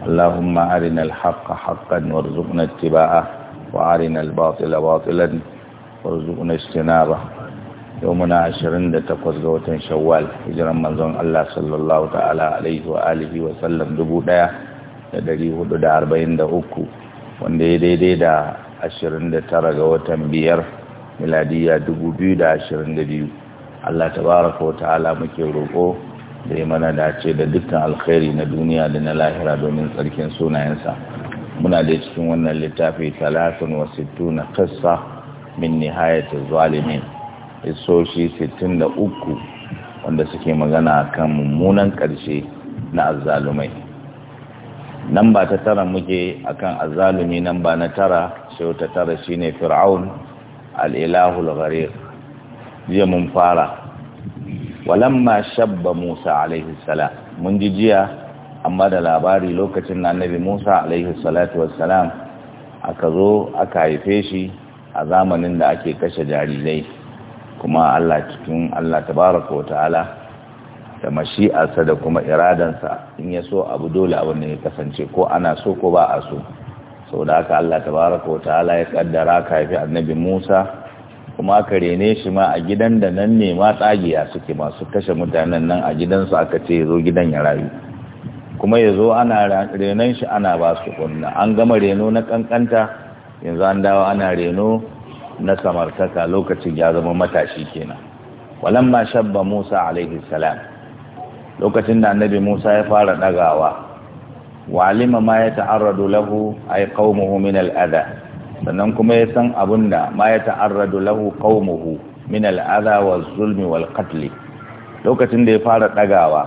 اللهم أرنا الحق حقا وارزقنا اتباعه وأرنا الباطل باطلا وارزقنا اجتنابه يومنا عشرين da takwas ga watan shawwal hijiran manzon Allah sallallahu ta'ala alaihi wa wa sallam dubu ɗaya da dari hudu da arba'in da uku wanda ya daidai da ashirin da tara ga watan biyar miladiya dubu biyu da ashirin da biyu Allah tabaraka wa muke roƙo da ya mana dace da dukkan alkhairi na duniya da na lahira domin tsarkin sunayensa muna da cikin wannan littafi talatin wa na qissa min nihayati zalimin isoshi sittin da uku wanda suke magana kan mummunan ƙarshe na azzalumai nan ba ta tara muke a kan azzalumi nan ba na tara sai ta tara shine fir'aun al-ilahul jiya mun fara walamma shabba Musa alaihi salam mun ji jiya amma da labari lokacin annabi Musa alaihi salatu wassalam aka zo aka haife shi a zamanin da ake kashe jarirai kuma Allah cikin Allah tabaraka wa ta'ala da mashi'arsa da kuma iradansa in ya so abu dole abu ne ya kasance ko ana so ko ba a so sau da haka Allah tabaraka wa ta'ala ya kaddara ka haifi annabi Musa kuma aka rene shi ma a gidan da nan ne ma tsagiya suke masu kashe mutanen nan a gidansu aka ce zo gidan ya rayu kuma ya zo ana renon shi ana ba su kunna an gama reno na kankanta yanzu an dawo ana reno na samartaka lokacin ya zama matashi kenan ma shabba musa alaihi salam lokacin da annabi musa ya fara dagawa walima ma ya ta'arradu lahu ay qaumuhu min al-adha sannan kuma ya san abin da ma ya ta'arradu lahu qaumuhu min al'adha waz zulmi wal qatl lokacin da ya fara ɗagawa,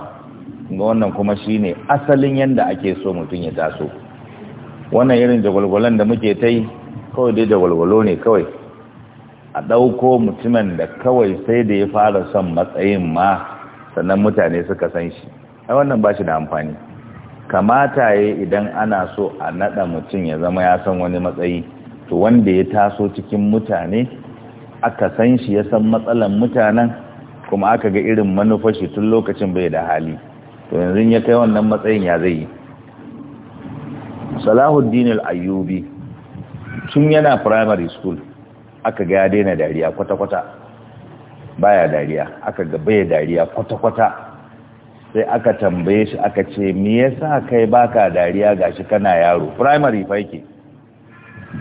ga wannan kuma shine asalin yanda ake so mutum ya taso wannan irin jagwalgwalan da muke tai kawai dai jagwalgwalo ne kawai a ɗauko mutumin da kawai sai da ya fara son matsayin ma sannan mutane suka san shi ai wannan ba shi da amfani kamata yayi idan ana so a nada mutum ya zama ya san wani matsayi to wanda ya taso cikin mutane aka san shi ya san matsalan mutanen kuma aka ga irin manufashi tun lokacin bai da hali to yanzu ya kai wannan matsayin ya zai yi salahuddin al-ayyubi tun yana primary school aka ga ya daina dariya kwata-kwata baya dariya aka ga bai dariya kwata-kwata sai aka tambaye shi aka ce me yasa kai baka dariya gashi kana yaro primary fa yake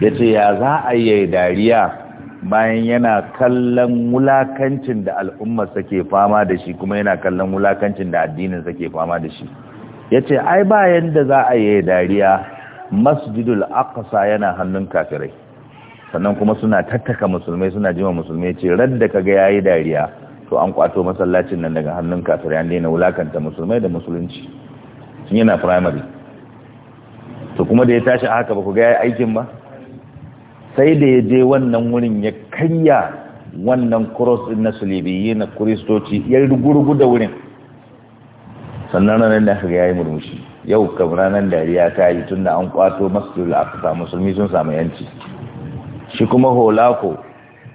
ya ce ya za a yi dariya bayan yana kallon wulakancin da al'ummarsa ke fama da shi kuma yana kallon wulakancin da addinin ke fama da shi ya ce ai bayan da za a yi dariya masjidul aqsa yana hannun kafirai sannan kuma suna tattaka musulmai suna jima musulmai ce radda ka ga yayi dariya to an kwato masallacin nan daga hannun kafirai an daina wulakanta musulmai da musulunci sun yana primary to kuma da ya tashi haka ba ku ga aikin ba sai da ya je wannan wurin ya karya wannan cross din na sulibiyi na kristoci ya rigurgu da wurin sannan ranar da haka ya yi murmushi yau kam ranar dariya ta yi tun da an kwato masu aqsa musulmi sun samu yanci shi kuma holako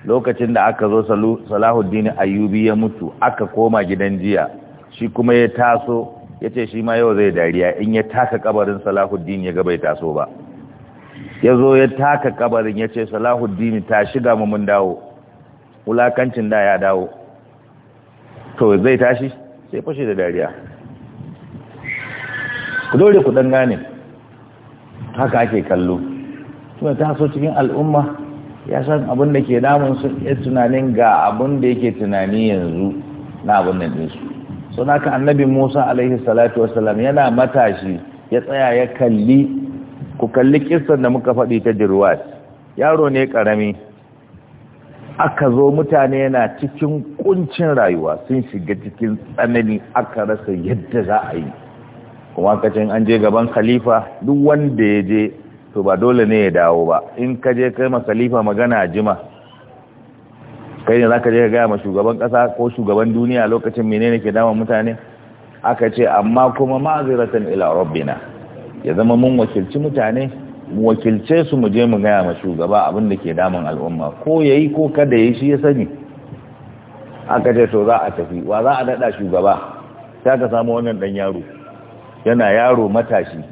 lokacin da aka zo salahuddin ayyubi ya mutu aka koma gidan jiya shi kuma ya taso ya ce shi ma yau zai dariya in ya taka kabarin salahuddin ya ga bai taso ba ya zo ya taka kabarin ya ce salahuddini ta shiga mu mun dawo wulakancin da ya dawo to zai tashi sai fashe da dariya ku dole ku dan gane haka ake kallo kuma taso cikin al'umma ya san abin da ke damun su ya tunanin ga abin da yake tunani yanzu na abin nan ɗinsu sun haka annabi musa alaihi salatu wasalam yana matashi ya tsaya ya kalli ku kalli kissan da muka faɗi ta jirwat yaro ne ƙarami aka zo mutane yana cikin ƙuncin rayuwa sun shiga cikin tsanani aka rasa yadda za a yi kuma kacin an je gaban khalifa duk wanda ya je to ba dole ne ya dawo ba in ka je kai ma khalifa magana jima kai ne za ka je ka gaya ma shugaban ƙasa ko shugaban duniya lokacin menene ke dama mutane aka ce amma kuma ma'aziratan ila rabbina ya zama mun wakilci mutane mu wakilce su mu je mu gaya ma shugaba abin da ke damun al'umma ko yayi ko kada yayi shi ya sani aka ce to za a tafi wa za a dada shugaba sai ka samu wannan dan yaro yana yaro matashi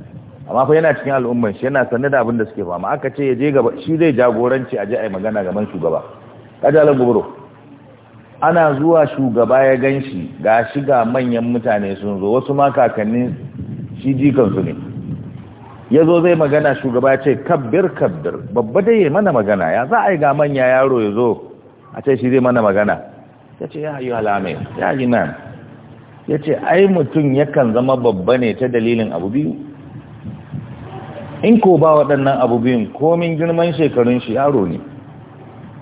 amma fa yana cikin al'umman shi yana sanar da abin da suke fama aka ce ya je gaba shi zai jagoranci a je a yi magana gaban shugaba kajalan ana zuwa shugaba ya ganshi ga shi ga manyan mutane sun zo wasu ma kakannin shi jikansu ne ya zo zai magana shugaba ya ce kabbir kabbir babba dai ya mana magana ya za a yi ga manya yaro ya zo a ce shi zai mana magana ya ce ya yi halame ya yi nan ya ce ai mutum yakan zama babba ne ta dalilin abu biyu in ko ba waɗannan abu biyun komin girman shekarun shi yaro ne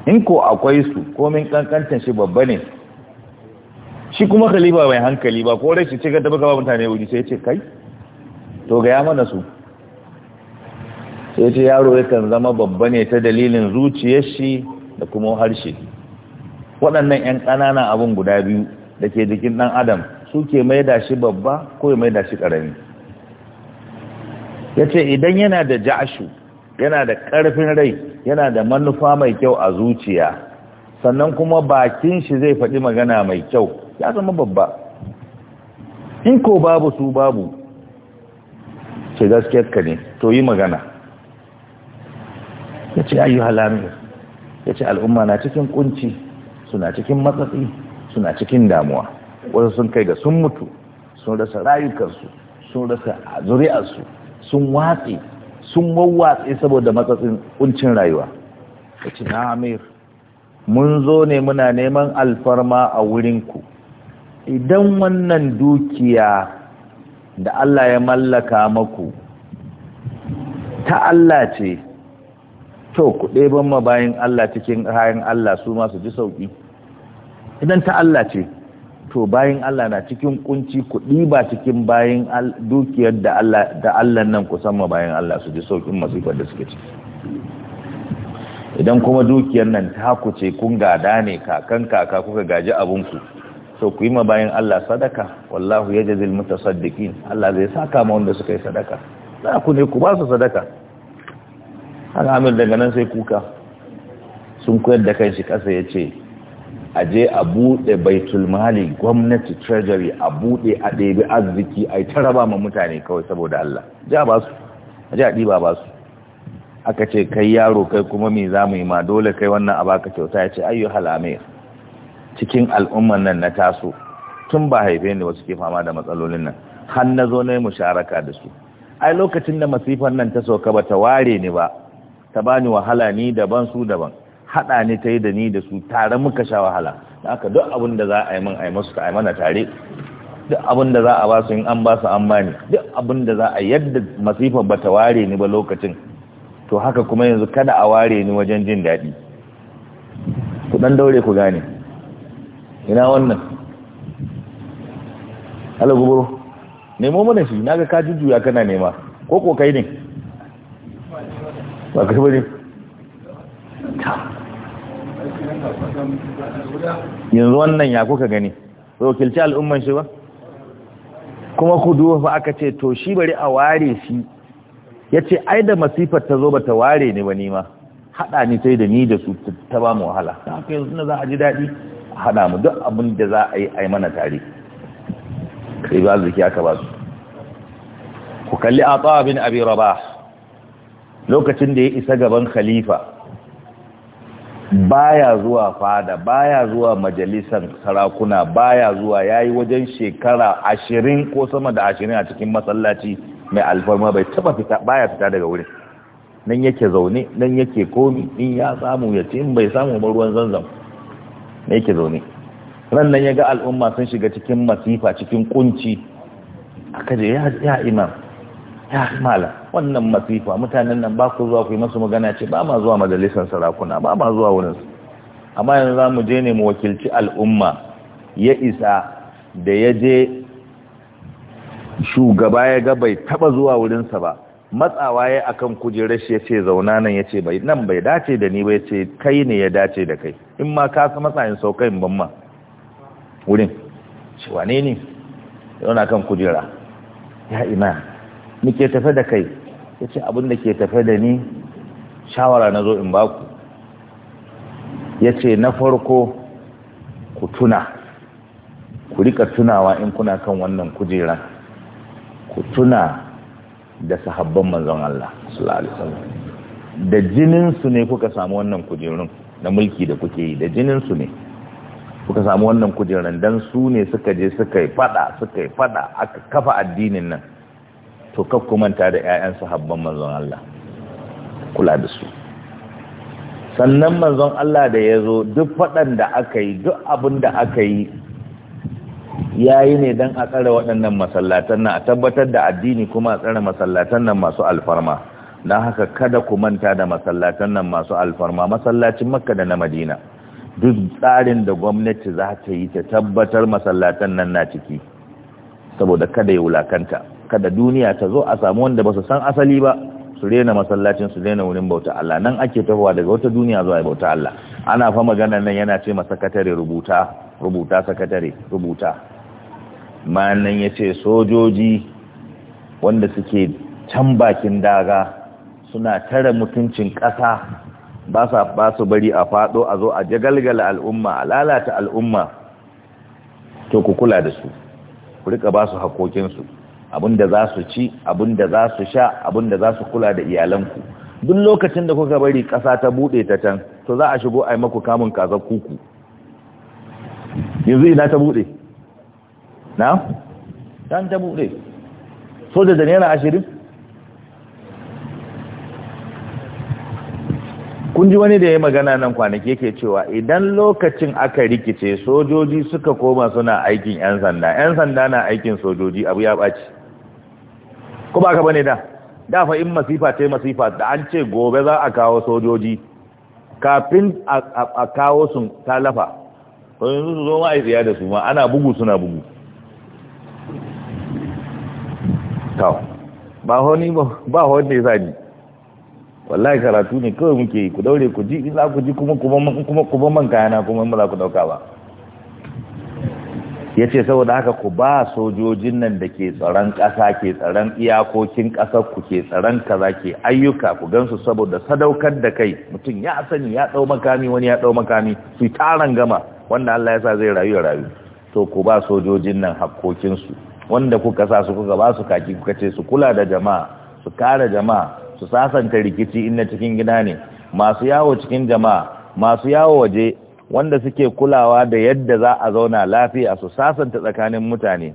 in ko akwai su komin kankantar shi babba ne shi kuma kaliba mai hankali ba ko rai shi ce ka taba kaba mutane wuri sai ce kai to ga ya mana su sai ce yaro ya kan zama babba ne ta dalilin zuciyar shi da kuma harshe waɗannan 'yan ƙanana abin guda biyu da ke jikin ɗan adam su ke maida shi babba ko ya maida shi ƙarami ya ce idan yana da ja'ashu yana da ƙarfin rai yana da manufa mai kyau a zuciya sannan kuma bakin shi zai faɗi magana mai kyau ya zama babba in ko babu su babu ce gaskiyar ka ne to yi magana ya ce ayu halami ya ce al'umma na cikin kunci suna cikin matsatsi suna cikin damuwa wasu sun kai ga sun mutu sun rasa rayukansu sun rasa zuri'arsu sun watse sun wawwatse saboda matsatsin kuncin rayuwa ya ce na amir mun zo ne muna neman alfarma a wurinku idan wannan dukiya da Allah ya mallaka maku ta Allah ce to ku ɗeban ma bayan Allah cikin kayan Allah su ma su ji sauƙi idan ta Allah ce to bayan Allah na cikin kunci ku ɗiba cikin bayan dukiyar da Allah da Allah nan ku san ma bayan Allah su ji sauƙin masifar da suke ciki idan kuma dukiyar nan ta ku ce kun gada ne kakan kaka kuka gaji abunku to ku yi ma bayan Allah sadaka wallahu yajzil mutasaddiqin Allah zai saka ma wanda suka yi sadaka za ku ne ku ba su sadaka alhamdu daga nan sai kuka sun koyar da kan shi ƙasa ya ce a je a buɗe baitul gwamnati treasury a buɗe a ɗebi arziki a yi taraba ma mutane kawai saboda Allah ja ba su a ja ɗiba ba su aka ce kai yaro kai kuma me za mu yi ma dole kai wannan a baka kyauta ya ce ayyu halamir cikin al'umman nan na taso tun ba haife ne wasu ke fama da matsalolin nan har na zo na yi musharaka da su ai lokacin da masifan nan ta sauka ba ta ware ni ba ta bani wahala ni daban su daban haɗa ni ta yi da ni da su tare muka sha wahala da aka duk abin da za a yi min a yi masu ta mana tare duk abin da za a ba su in an ba su an bani duk abin da za a yadda masifa ba ta ware ni ba lokacin to haka kuma yanzu kada a ware ni wajen jin daɗi ku ɗan daure ku gane ina wannan Alagubu, nemo mana shi naga ka jujjuya kana nema ko kokai ne ba yanzu wannan ya kuka gani wakilci al'umman shi ba kuma ku duba aka ce to shi bari a ware shi ya ce ai da masifar ta zo ba ta ware ne ba nima haɗa ni sai da ni da su ta ba mu wahala ta haka yanzu na za a ji daɗi a haɗa mu duk abin da za a yi a mana tare kai ba zuki aka ba su ku kalli a tsawabin abin raba lokacin da ya isa gaban khalifa baya zuwa fada baya zuwa majalisan sarakuna baya zuwa yayi wajen shekara ashirin ko sama da ashirin a cikin masallaci mai alfarma bai taba fita baya fita daga wurin nan yake zaune nan yake komi in ya samu ya ce in bai samu ba ruwan zanzam ne yake zaune ran nan ya ga al'umma sun shiga cikin masifa cikin kunci aka je ya imam ya mala wannan masifa mutanen nan ba ku zuwa ku yi masu magana ce ba ma zuwa majalisar sarakuna ba ma zuwa wurinsu amma yanzu za mu je ne mu wakilci al'umma ya isa da ya je shugaba ya ga bai taba zuwa wurinsa ba matsawa ya akan kujerar shi ya ce zauna nan ya ce bai nan bai dace da ni ba ya ce kai ne ya dace da kai in ma ka sa matsayin sauka in ban ma wurin ce wane ne yana kan kujera ya ina me ke tafe da kai ya ce abin ke tafe da ni shawara na zo in ba ku. ya ce na farko ku tuna ku rika tunawa in kuna kan wannan kujera ku tuna da sahabban manzon Allah da jininsu ne kuka samu wannan kujerun na mulki da kuke yi da jininsu ne kuka samu wannan kujerun dan su ne suka je suka yi fada suka yi fada aka kafa addinin nan to ku manta da 'ya'yan sahabban manzon Allah kula da su sannan manzon Allah da ya zo duk faɗan da aka yi duk abin da aka yi ya yi ne don a tsare waɗannan masallatan nan a tabbatar da addini kuma a tsare masallatan nan masu alfarma don haka kada ku manta da masallatan nan masu alfarma masallacin makka da na madina duk tsarin da gwamnati za ta yi ta tabbatar masallatan nan na ciki saboda kada ya wulakanta kada duniya ta zo a samu wanda ba su san asali ba su rena masallacin su rena wurin bauta Allah nan ake tafowa daga wata duniya zuwa bauta Allah ana fa maganar nan yana ce ma sakatare rubuta rubuta sakatare rubuta ma nan yace sojoji wanda suke can bakin daga suna tare mutuncin ƙasa ba sa ba su bari a fado a zo a galgala al'umma a lalata al'umma to ku kula da su ku rika ba su hakokin su abinda za su ci abinda za su sha abinda za su kula da iyalanku duk lokacin da kuka bari ƙasa ta buɗe ta can to za a shigo a yi maku kamun kazar kuku yanzu ina ta buɗe na? can ta buɗe so da da ashirin kun ji wani da ya magana nan kwanaki yake cewa idan lokacin aka rikice sojoji suka koma suna aikin 'yan sanda 'yan sanda na aikin sojoji abu ya ɓaci ko ba ka bane da da fa in masifa ce masifa da an ce gobe za a kawo sojoji kafin a kawo sun talafa to yanzu su zo ma'aikiya da su ma ana bugu suna bugu ba honi ba honi sa ni wallahi karatu ne kawai muke ku daure ku ji in za ku ji kuma kuma kuma kuma man kayana kuma in ba za ku dauka ba ya ce saboda haka ku ba sojojin nan da ke tsaron ƙasa ke tsaron iyakokin ƙasar ku ke tsaron kaza ke ayyuka ku gansu saboda sadaukar da kai mutum ya sani ya ɗau makami wani ya ɗau makami su taron gama wanda Allah ya sa zai rayu rayu to ku ba sojojin nan hakkokinsu wanda kuka sa su kuka ba su kaki kuka ce su kula da jama'a su kare jama'a su sasanta rikici in cikin gida ne masu yawo cikin jama'a masu yawo waje wanda suke kulawa da yadda za a zauna lafiya su sasanta tsakanin mutane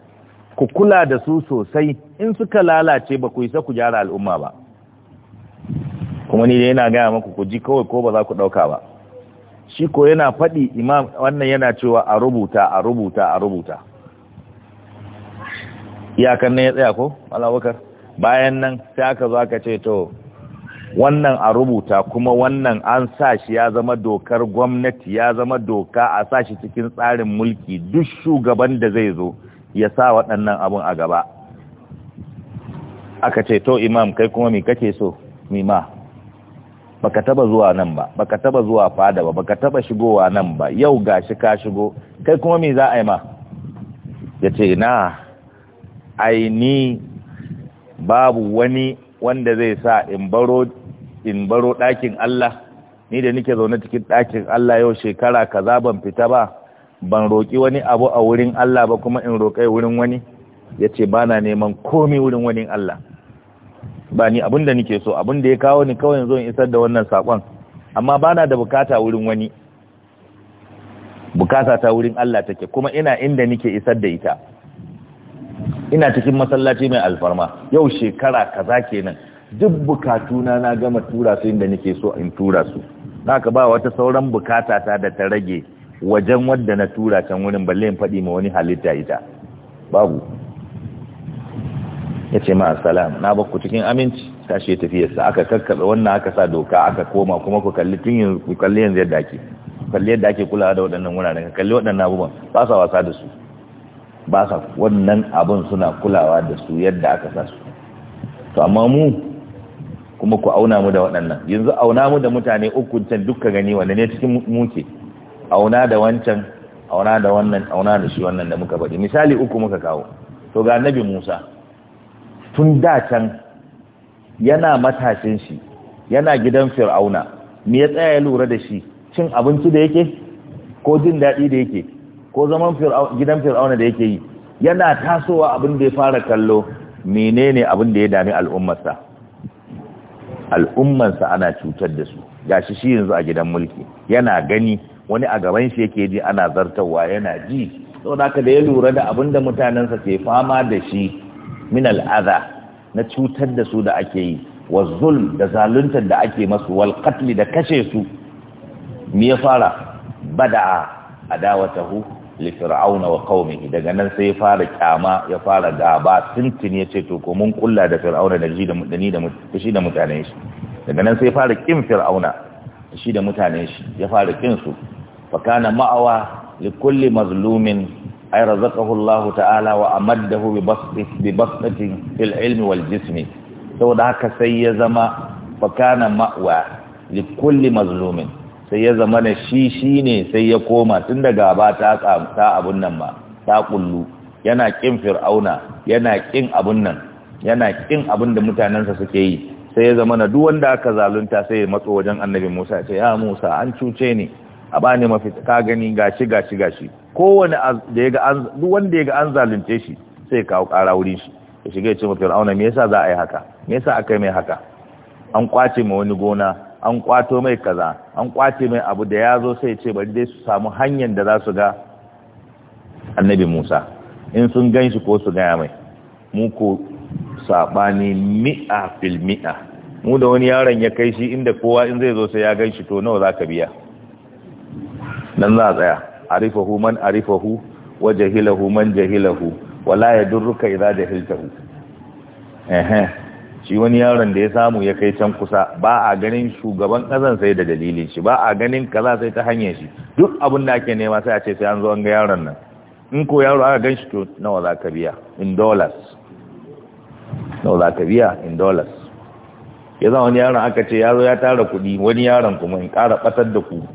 ku kula da su sosai in suka lalace ba ku isa ku gyara al'umma ba kuma ni dai yana gaya maku ku ji kawai ko ba za ku ɗauka ba shi ko yana faɗi imam wannan yana cewa a rubuta a rubuta a rubuta iyakan nan ya tsaya ko alawakar bayan nan sai aka zo aka ce to wannan a rubuta kuma wannan an sa shi ya zama dokar gwamnati ya zama doka a sa shi cikin tsarin mulki duk shugaban da zai zo ya sa waɗannan abun a gaba aka ce to imam kai kuma mi kake so mima baka taba zuwa nan ba baka taba zuwa fada ba baka taba shigowa nan ba yau gashi ka shigo kai kuma mi za a yi ma Ya ce na aini babu wani wanda zai sa in baro in baro ɗakin Allah ni da nike zaune cikin ɗakin Allah yau shekara kaza ban fita ba ban roƙi wani abu a wurin Allah ba kuma in roƙai wurin wani ya ce ba na neman komi wurin wani Allah ba ni abin da nike so abin da ya kawo ni kawai zo in isar da wannan saƙon amma ba na da bukata wurin wani bukata ta wurin Allah take kuma ina inda nike isar da ita ina cikin masallaci mai alfarma yau shekara kaza kenan duk bukatuna na gama tura su inda nake so in tura su haka ba wata sauran bukata ta da ta rage wajen wadda na tura can wurin balle in faɗi ma wani halitta ita babu ya ce ma'a salam na bakku cikin aminci tashi tafiyarsa aka kakkaɓe wannan aka sa doka aka koma kuma ku kalli tun yanzu yadda ake kalli yadda ake kulawa da waɗannan wuraren kalli waɗannan abubuwan ba sa wasa da su ba sa wannan abin suna kulawa da su yadda aka sa su to amma mu kuma ku auna mu da waɗannan yanzu auna mu da mutane uku can duka gani wanda ne cikin muke auna da wancan auna da wannan auna da shi wannan da muka faɗi misali uku muka kawo to ga annabi Musa tun da can yana matashin shi yana gidan Fir'auna me ya tsaya ya lura da shi cin abinci da yake ko jin daɗi da yake ko zaman gidan fir'auna da yake yi yana tasowa abin da ya fara kallo menene abin da ya dami al'ummarsa al'ummarsa ana cutar da su gashi shi yanzu a gidan mulki yana gani wani a gaban shi yake ji ana zartawa yana ji Da aka da ya lura da abin da mutanensa ke fama da shi min al'ada na cutar da su da ake yi wa zulm da zaluntar da ake masu wal katli da kashe su me ya fara bada a adawatahu li fir'auna wa qaumihi daga nan sai ya fara kyama ya fara gaba tuntuni ya ce to ko mun kulla da fir'auna da shi da mutane da shi da mutanen shi daga nan sai ya fara kin fir'auna da shi da mutanen shi ya fara kin su fa kana ma'awa li kulli mazlumin ay razaqahu Allah ta'ala wa amaddahu bi basati bi basati fil ilmi wal jismi saboda haka sai ya zama fa kana ma'wa li kulli mazlumin sai ya zama na shi shi ne sai ya koma tun da gaba ta ta abun nan ba ta kullu yana kin fir'auna yana kin abun nan yana kin abun da mutanensa suke yi sai ya zama na duk wanda aka zalunta sai ya matso wajen annabi Musa ya ce ya Musa an cuce ni a bani mafi ka gani gashi gashi gashi kowane duk wanda ya ga an zalunce shi sai kawo kara wurin shi ya shiga ya ce ma fir'auna me yasa za a yi haka me yasa aka yi mai haka an kwace ma wani gona an kwato mai kaza an kwace mai abu da ya zo sai ce bari dai su samu hanyar da za su ga annabi musa in sun gan shi ko su gaya mai mu ko saɓani mi'a fil mi'a mu da wani yaron ya kai shi inda kowa in zai zo sai ya gan shi to nawa za ka biya nan za a tsaya arifahu man arifahu wa jahilahu man jahilahu wala ya durruka idza jahiltahu ehe shi wani yaron da ya samu ya kai can kusa ba a ganin shugaban ƙasan sai da dalilin shi ba a ganin kaza sai ta hanyar shi duk abin da ake nema sai a ce sai an zo an ga yaron nan in ko yaro aka gan shi to nawa za ka biya in dollars nawa za ka biya in dollars ya zama wani yaron aka ce yaro ya tara kuɗi wani yaron kuma in ƙara ɓatar da ku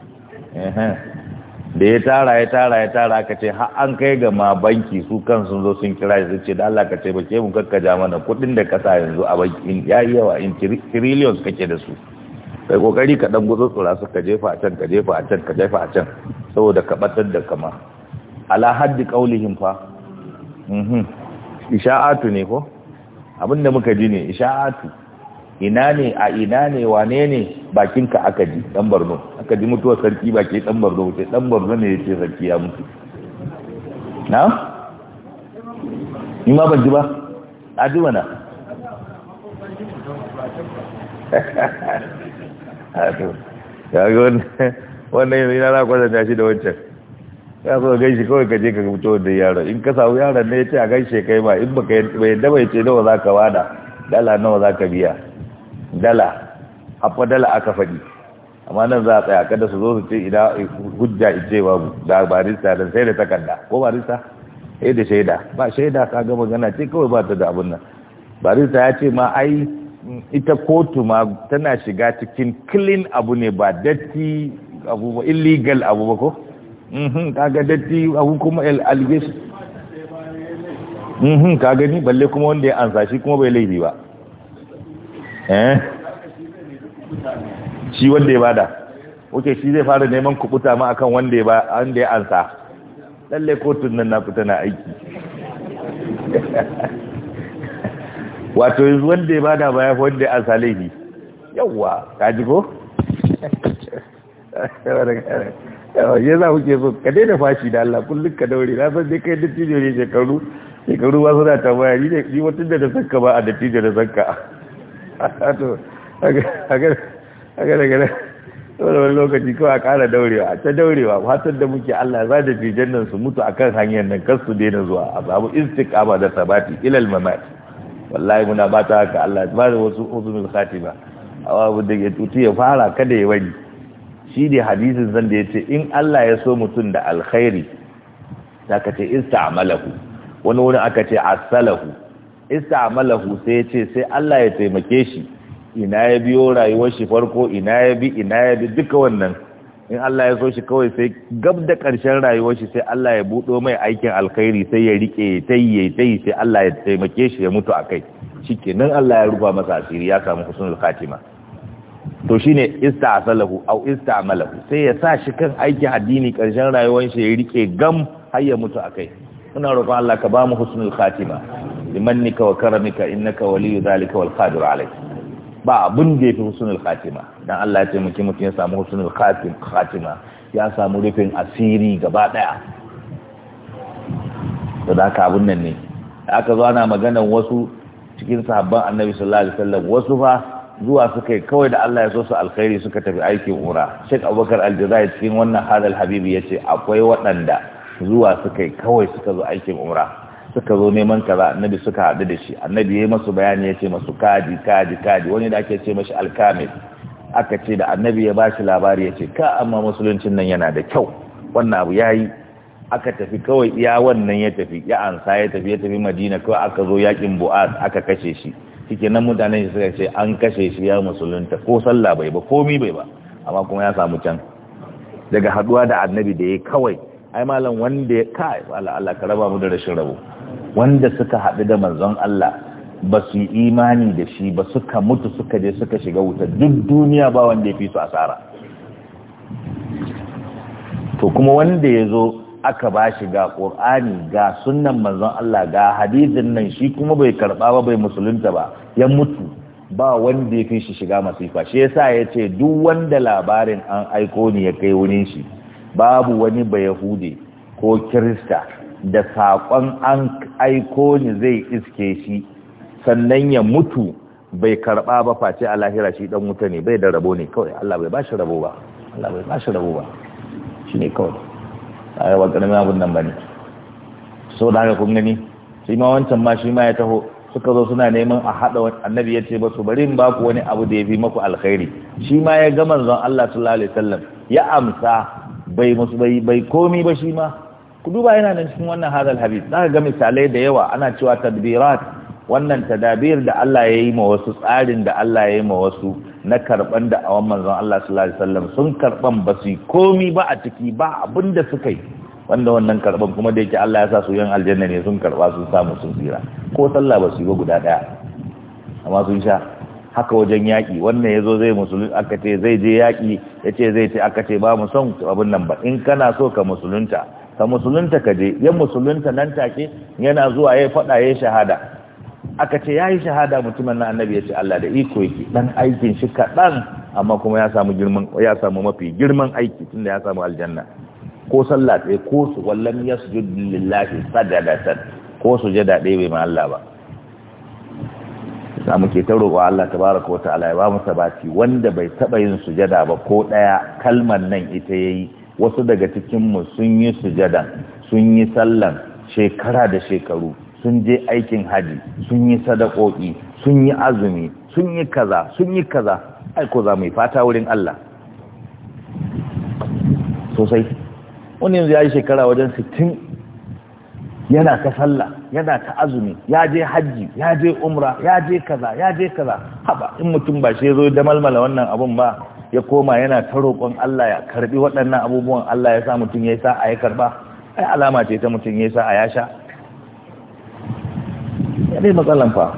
da ya tara ya tara ya tara aka ce har an kai ga ma banki su kan sun zo sun kira shi ce da Allah ka ce ba ke mu kakkaja mana kuɗin da kasa yanzu a banki ya yi yawa in trillions kake da su kai kokari ka dan gutsu tsura su ka jefa a can ka jefa a can ka jefa a can saboda ka batar da kama ala haddi qaulihim fa mhm isha'atu ne ko abinda muka ji ne isha'atu ina ne a ina ne wane ne bakinka aka ji dan barno aka ji mutuwar sarki ba ke dan barno ce dan barno ne yace sarki ya mutu na ni ma ban ji ba a ji mana ya ga wannan yanzu yana na kwatanta shi da wancan ya so shi kawai ka je ka mutu da yaro in ka samu yaron ne ya ce a gaishe kai ma in baka yadda bai ce nawa za ka wada dala nawa za ka biya dala afa dala aka faɗi amma nan za a tsaya kada su zo su ce ina hujja ce babu da barista da sai da takarda ko barista sai eh, da shaida ba shaida ka ga magana ce kawai ba ta da abun nan barista ya ce ma ai ita kotu ma tana shiga cikin clean abu ne ba datti abu ba illegal abu ba ko mhm, ga datti abu kuma allegation mhm, ka gani balle kuma wanda ya ansa shi kuma bai laifi ba eh shi wanda ya bada oke shi zai fara neman kubuta ma akan wanda ya ba wanda ya ansa lalle kotun nan na fita na aiki wato yanzu wanda ya bada baya wanda ya ansa laifi yawwa ta ji ko ya za kuke so ka daina fashi da Allah kullum ka daure na san dai kai dattijo ne shekaru shekaru ba suna tambaya ni wata da da sakka ba a dattijo da sanka to wani lokaci kawai a kara daurewa ta daurewa fatar da muke Allah za da fi jannan su mutu a kan hanyar nan kar su daina zuwa a babu istiqama da sabati ilal mamat wallahi muna ba ta haka Allah ba da wasu usulul ba a babu da ya tutu ya fara kada ya bari shi ne hadisin zan da ya ce in Allah ya so mutum da alkhairi ta ka ce ista'amalahu wani wani aka ce asalahu malahu sai ce sai Allah ya taimake shi ina ya biyo rayuwar shi farko ina ya bi ina ya bi duka wannan in Allah ya so shi kawai sai gab da karshen rayuwar shi sai Allah ya buɗo mai aikin alkhairi sai ya rike ya tayi ya sai Allah ya taimake shi ya mutu akai shikenan Allah ya rufa masa asiri ya samu husnul khatima to shine ista asalahu au ista malahu sai ya sa shi kan aikin addini karshen rayuwar shi ya rike gam har ya mutu akai ina roƙon Allah ka ba mu husnul khatima limannika wa karamika innaka waliyu zalika wal qadir alayh ba abun da yafi husnul khatima dan Allah ya taimake mutum ya samu husnul khatim khatima ya samu rufin asiri gaba daya to da ka abun nan ne aka zo ana maganar wasu cikin sahabban annabi sallallahu alaihi wasallam wasu fa zuwa suka yi kawai da Allah ya so su alkhairi suka tafi aikin ura. Sheikh Abubakar Aljazair cikin wannan hadal habibi yace akwai waɗanda zuwa suka yi kawai suka zo aikin umra suka zo neman kaza annabi suka haɗu da shi annabi ya yi masu bayani ya ce masu kaji kaji kaji wani da ake ce mashi alkamil aka ce da annabi ya bashi labari ya ka amma musuluncin nan yana da kyau wannan abu ya yi aka tafi kawai iya wannan ya tafi ya ansa ya tafi ya tafi madina kawai aka zo yakin bu'az aka kashe shi shike nan mutanen shi suka ce an kashe shi ya musulunta ko sallah bai ba komi bai ba amma kuma ya samu can daga haɗuwa da annabi da ya kawai ai malam wanda ya kai Allah ka raba mu da rashin rabo wanda suka haɗu da manzon Allah ba su yi imani da shi ba suka mutu suka je suka shiga wuta duk duniya ba wanda ya fi su asara to kuma wanda ya zo aka ba shi ga ƙur'ani ga sunan manzon Allah ga hadisin nan shi kuma bai karɓa ba bai musulunta ba ya mutu ba wanda ya fi shi shiga masifa shi ya sa ya ce duk wanda labarin an aiko ni ya kai wurin shi babu wani Bayahudi ko kirista da saƙon an aiko ni zai iske shi sannan ya mutu bai karɓa ba face a lahira shi ɗan wuta ne bai da rabo ne kawai Allah bai ba shi rabo ba Allah bai ba shi rabo ba shi ne kawai a yawan ƙaramin abin nan ba ne so da haka kun gani shi ma wancan ma shi ma ya taho suka zo suna neman a haɗa wani annabi ya ce basu bari in ba ku wani abu da ya fi maku alkhairi shi ma ya gama zan Allah sallallahu alaihi wasallam ya amsa bai musu bai bai komi ba shi ma ku duba yana nan cikin wannan hadal hadith zaka ga misalai da yawa ana cewa tadbirat wannan tadabir da Allah ya yi ma wasu tsarin da Allah ya yi ma wasu na karban da awan manzon Allah sallallahu alaihi wasallam sun karban ba su komi ba a ciki ba abin da suka yi wanda wannan karban kuma da yake Allah ya sa su yan aljanna ne sun karba sun samu sun tsira ko sallah ba su yi ba guda daya amma sun sha haka wajen yaƙi wannan ya zo zai musulun aka ce zai je yaƙi ya ce zai ce aka ce ba mu son abin nan ba in kana so ka musulunta ka musulunta ka je yan musulunta nan take yana zuwa ya faɗa ya shahada aka ce ya yi shahada mutumin na annabi ya ce Allah da iko yake dan aikin shi kaɗan amma kuma ya samu girman ya samu mafi girman aiki tunda ya samu aljanna ko sallah ɗaya ko su wallan jirgin lillahi sadadatar ko je ɗaya bai ma Allah ba za mu ke ta roƙo Allah ta tabaraka wa ala ya ba mu baci wanda bai taɓa yin sujada ba ko ɗaya kalman nan ita ya yi. wasu daga cikinmu sun yi sujada, sun yi sallan shekara da shekaru sun je aikin haji sun yi sadakoki sun yi azumi sun yi kaza sun yi kaza aiko za mu fata wurin Allah sosai wani yanzu ya yi shekara wajen 60 yana ta sallah yana ta azumi ya je hajji ya je umra ya je kaza ya je kaza haba in mutum ba shi ya zo da malmala wannan abun ba ya koma yana ta roƙon Allah ya karbi waɗannan abubuwan Allah ya sa mutum ya sa a ya karba ai alama ce ta mutum ya sa a ya sha ya dai matsalan fa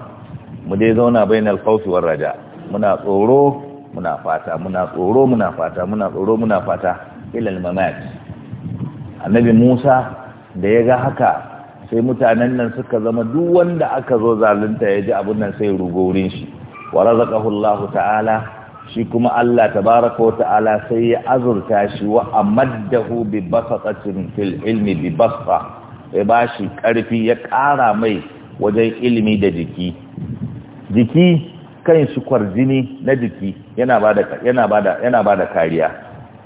mu dai zauna bai na war raja muna tsoro muna fata muna tsoro muna fata muna tsoro muna fata ilal mamat annabi Musa da ya ga haka sai mutanen nan suka zama duk wanda aka zo zalunta ya ji abun nan sai rugo wurin shi wa razaqahu Allahu ta'ala shi kuma Allah tabaraka wa ta'ala sai ya azurta shi wa amaddahu bi basatatin fil ilmi bi basta ya bashi karfi ya kara mai wajen ilimi da jiki jiki kan shi kwarjini na jiki yana bada yana bada yana bada kariya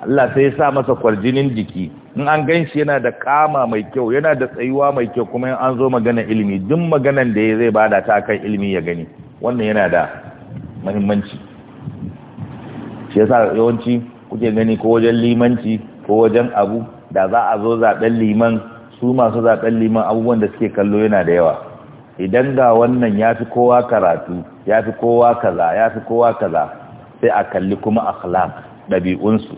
Allah sai ya sa masa kwarjinin jiki in an ganshi yana da kama mai kyau yana da tsayuwa mai kyau kuma in an zo magana ilimi duk maganan da ya zai bada ta kan ilimi ya gani wannan yana da muhimmanci shi yasa yawanci kuke gani ko wajen limanci ko wajen abu da za a zo zaben liman su masu zaben liman abubuwan da suke kallo yana da yawa idan ga wannan ya fi kowa karatu ya fi kowa kaza ya fi kowa kaza sai a kalli kuma akhlaq ɗabi'unsu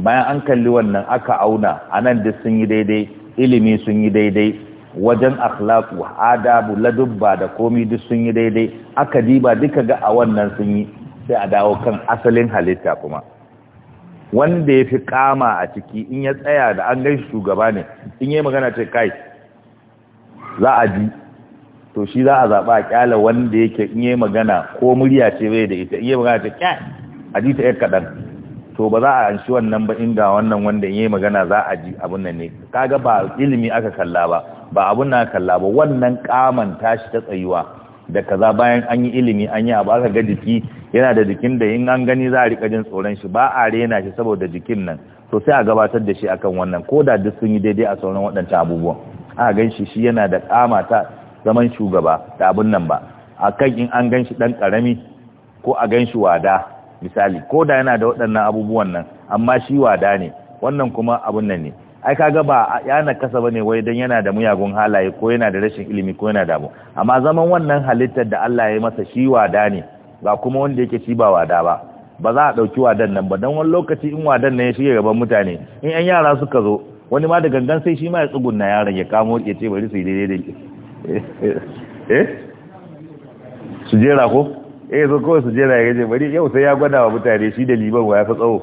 bayan an kalli wannan aka auna anan nan duk sun yi daidai ilimi sun yi daidai wajen akhlaqu adabu ladubba da komi duk sun yi daidai aka diba duka ga a wannan sun yi sai a dawo kan asalin halitta kuma wanda ya fi kama a ciki in ya tsaya da an gan shugaba ne in yi magana ce kai za a ji to shi za a zaɓa a ƙyala wanda yake in yi magana ko murya ce bai da ita in yi magana ce ƙyai a ji ta yi kaɗan to ba za a anshi wannan ba inda wannan wanda in yi magana za a ji abin nan ne kaga ba ilimi aka kalla ba ba abin na kalla ba wannan kaman tashi ta tsayuwa da kaza bayan an yi ilimi an yi abu aka ga jiki yana da jikin da in an gani za a rika jin tsoron shi ba a rena shi saboda jikin nan to sai a gabatar da shi akan wannan ko da duk sun yi daidai a sauran waɗancan abubuwan A gan shi shi yana da kama ta zaman shugaba da abun nan ba A kan in an gan shi ɗan ƙarami ko a gan shi wada misali ko da yana da waɗannan abubuwan nan amma shi wada ne wannan kuma abun nan ne ai kaga ba yana kasa bane wai dan yana da muyagun halaye ko yana da rashin ilimi ko yana da mu amma zaman wannan halittar da Allah ya masa shi wada ne ba kuma wanda yake shi ba wada ba ba za a dauki wadan nan ba dan wani lokaci in wadan nan ya shige gaban mutane in an yara suka zo wani ma da gangan sai shi ma ya tsugunna yaron ya kamo ya ce bari su yi daidai da ke eh? eh? su jera ko eh zo kawai su jera ya gaje bari yau sai ya gwada wa mutane shi da liban wa ya fi tsawo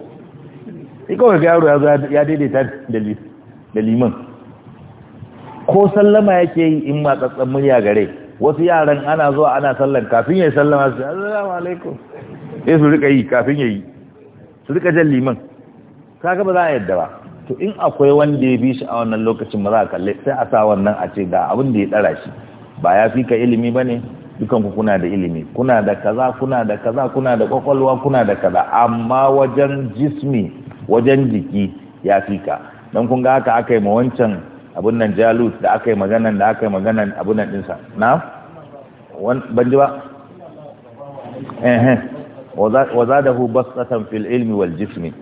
sai kawai ga yaro ya daidaita da liman ko sallama yake yi in tsatsan murya gare wasu yaran ana zuwa ana sallan kafin ya sallama su assalamu alaikum sai su rika yi kafin ya yi su rika jan liman kaga ba za a yadda ba to in akwai wanda ya bi shi a wannan lokacin ba za a kalle sai a sa wannan a ce ga abin da ya dara shi ba ya fi ka ilimi ba ne dukanku kuna da ilimi kuna da kaza kuna da kaza kuna da kwakwalwa kuna da kaza amma wajen jismi wajen jiki ya fi ka don kun ga haka aka yi ma wancan abun nan jalut da aka yi maganan da aka yi maganan abun nan ɗinsa na ban ji ba wa za da hu basatan fil ilmi wal jismi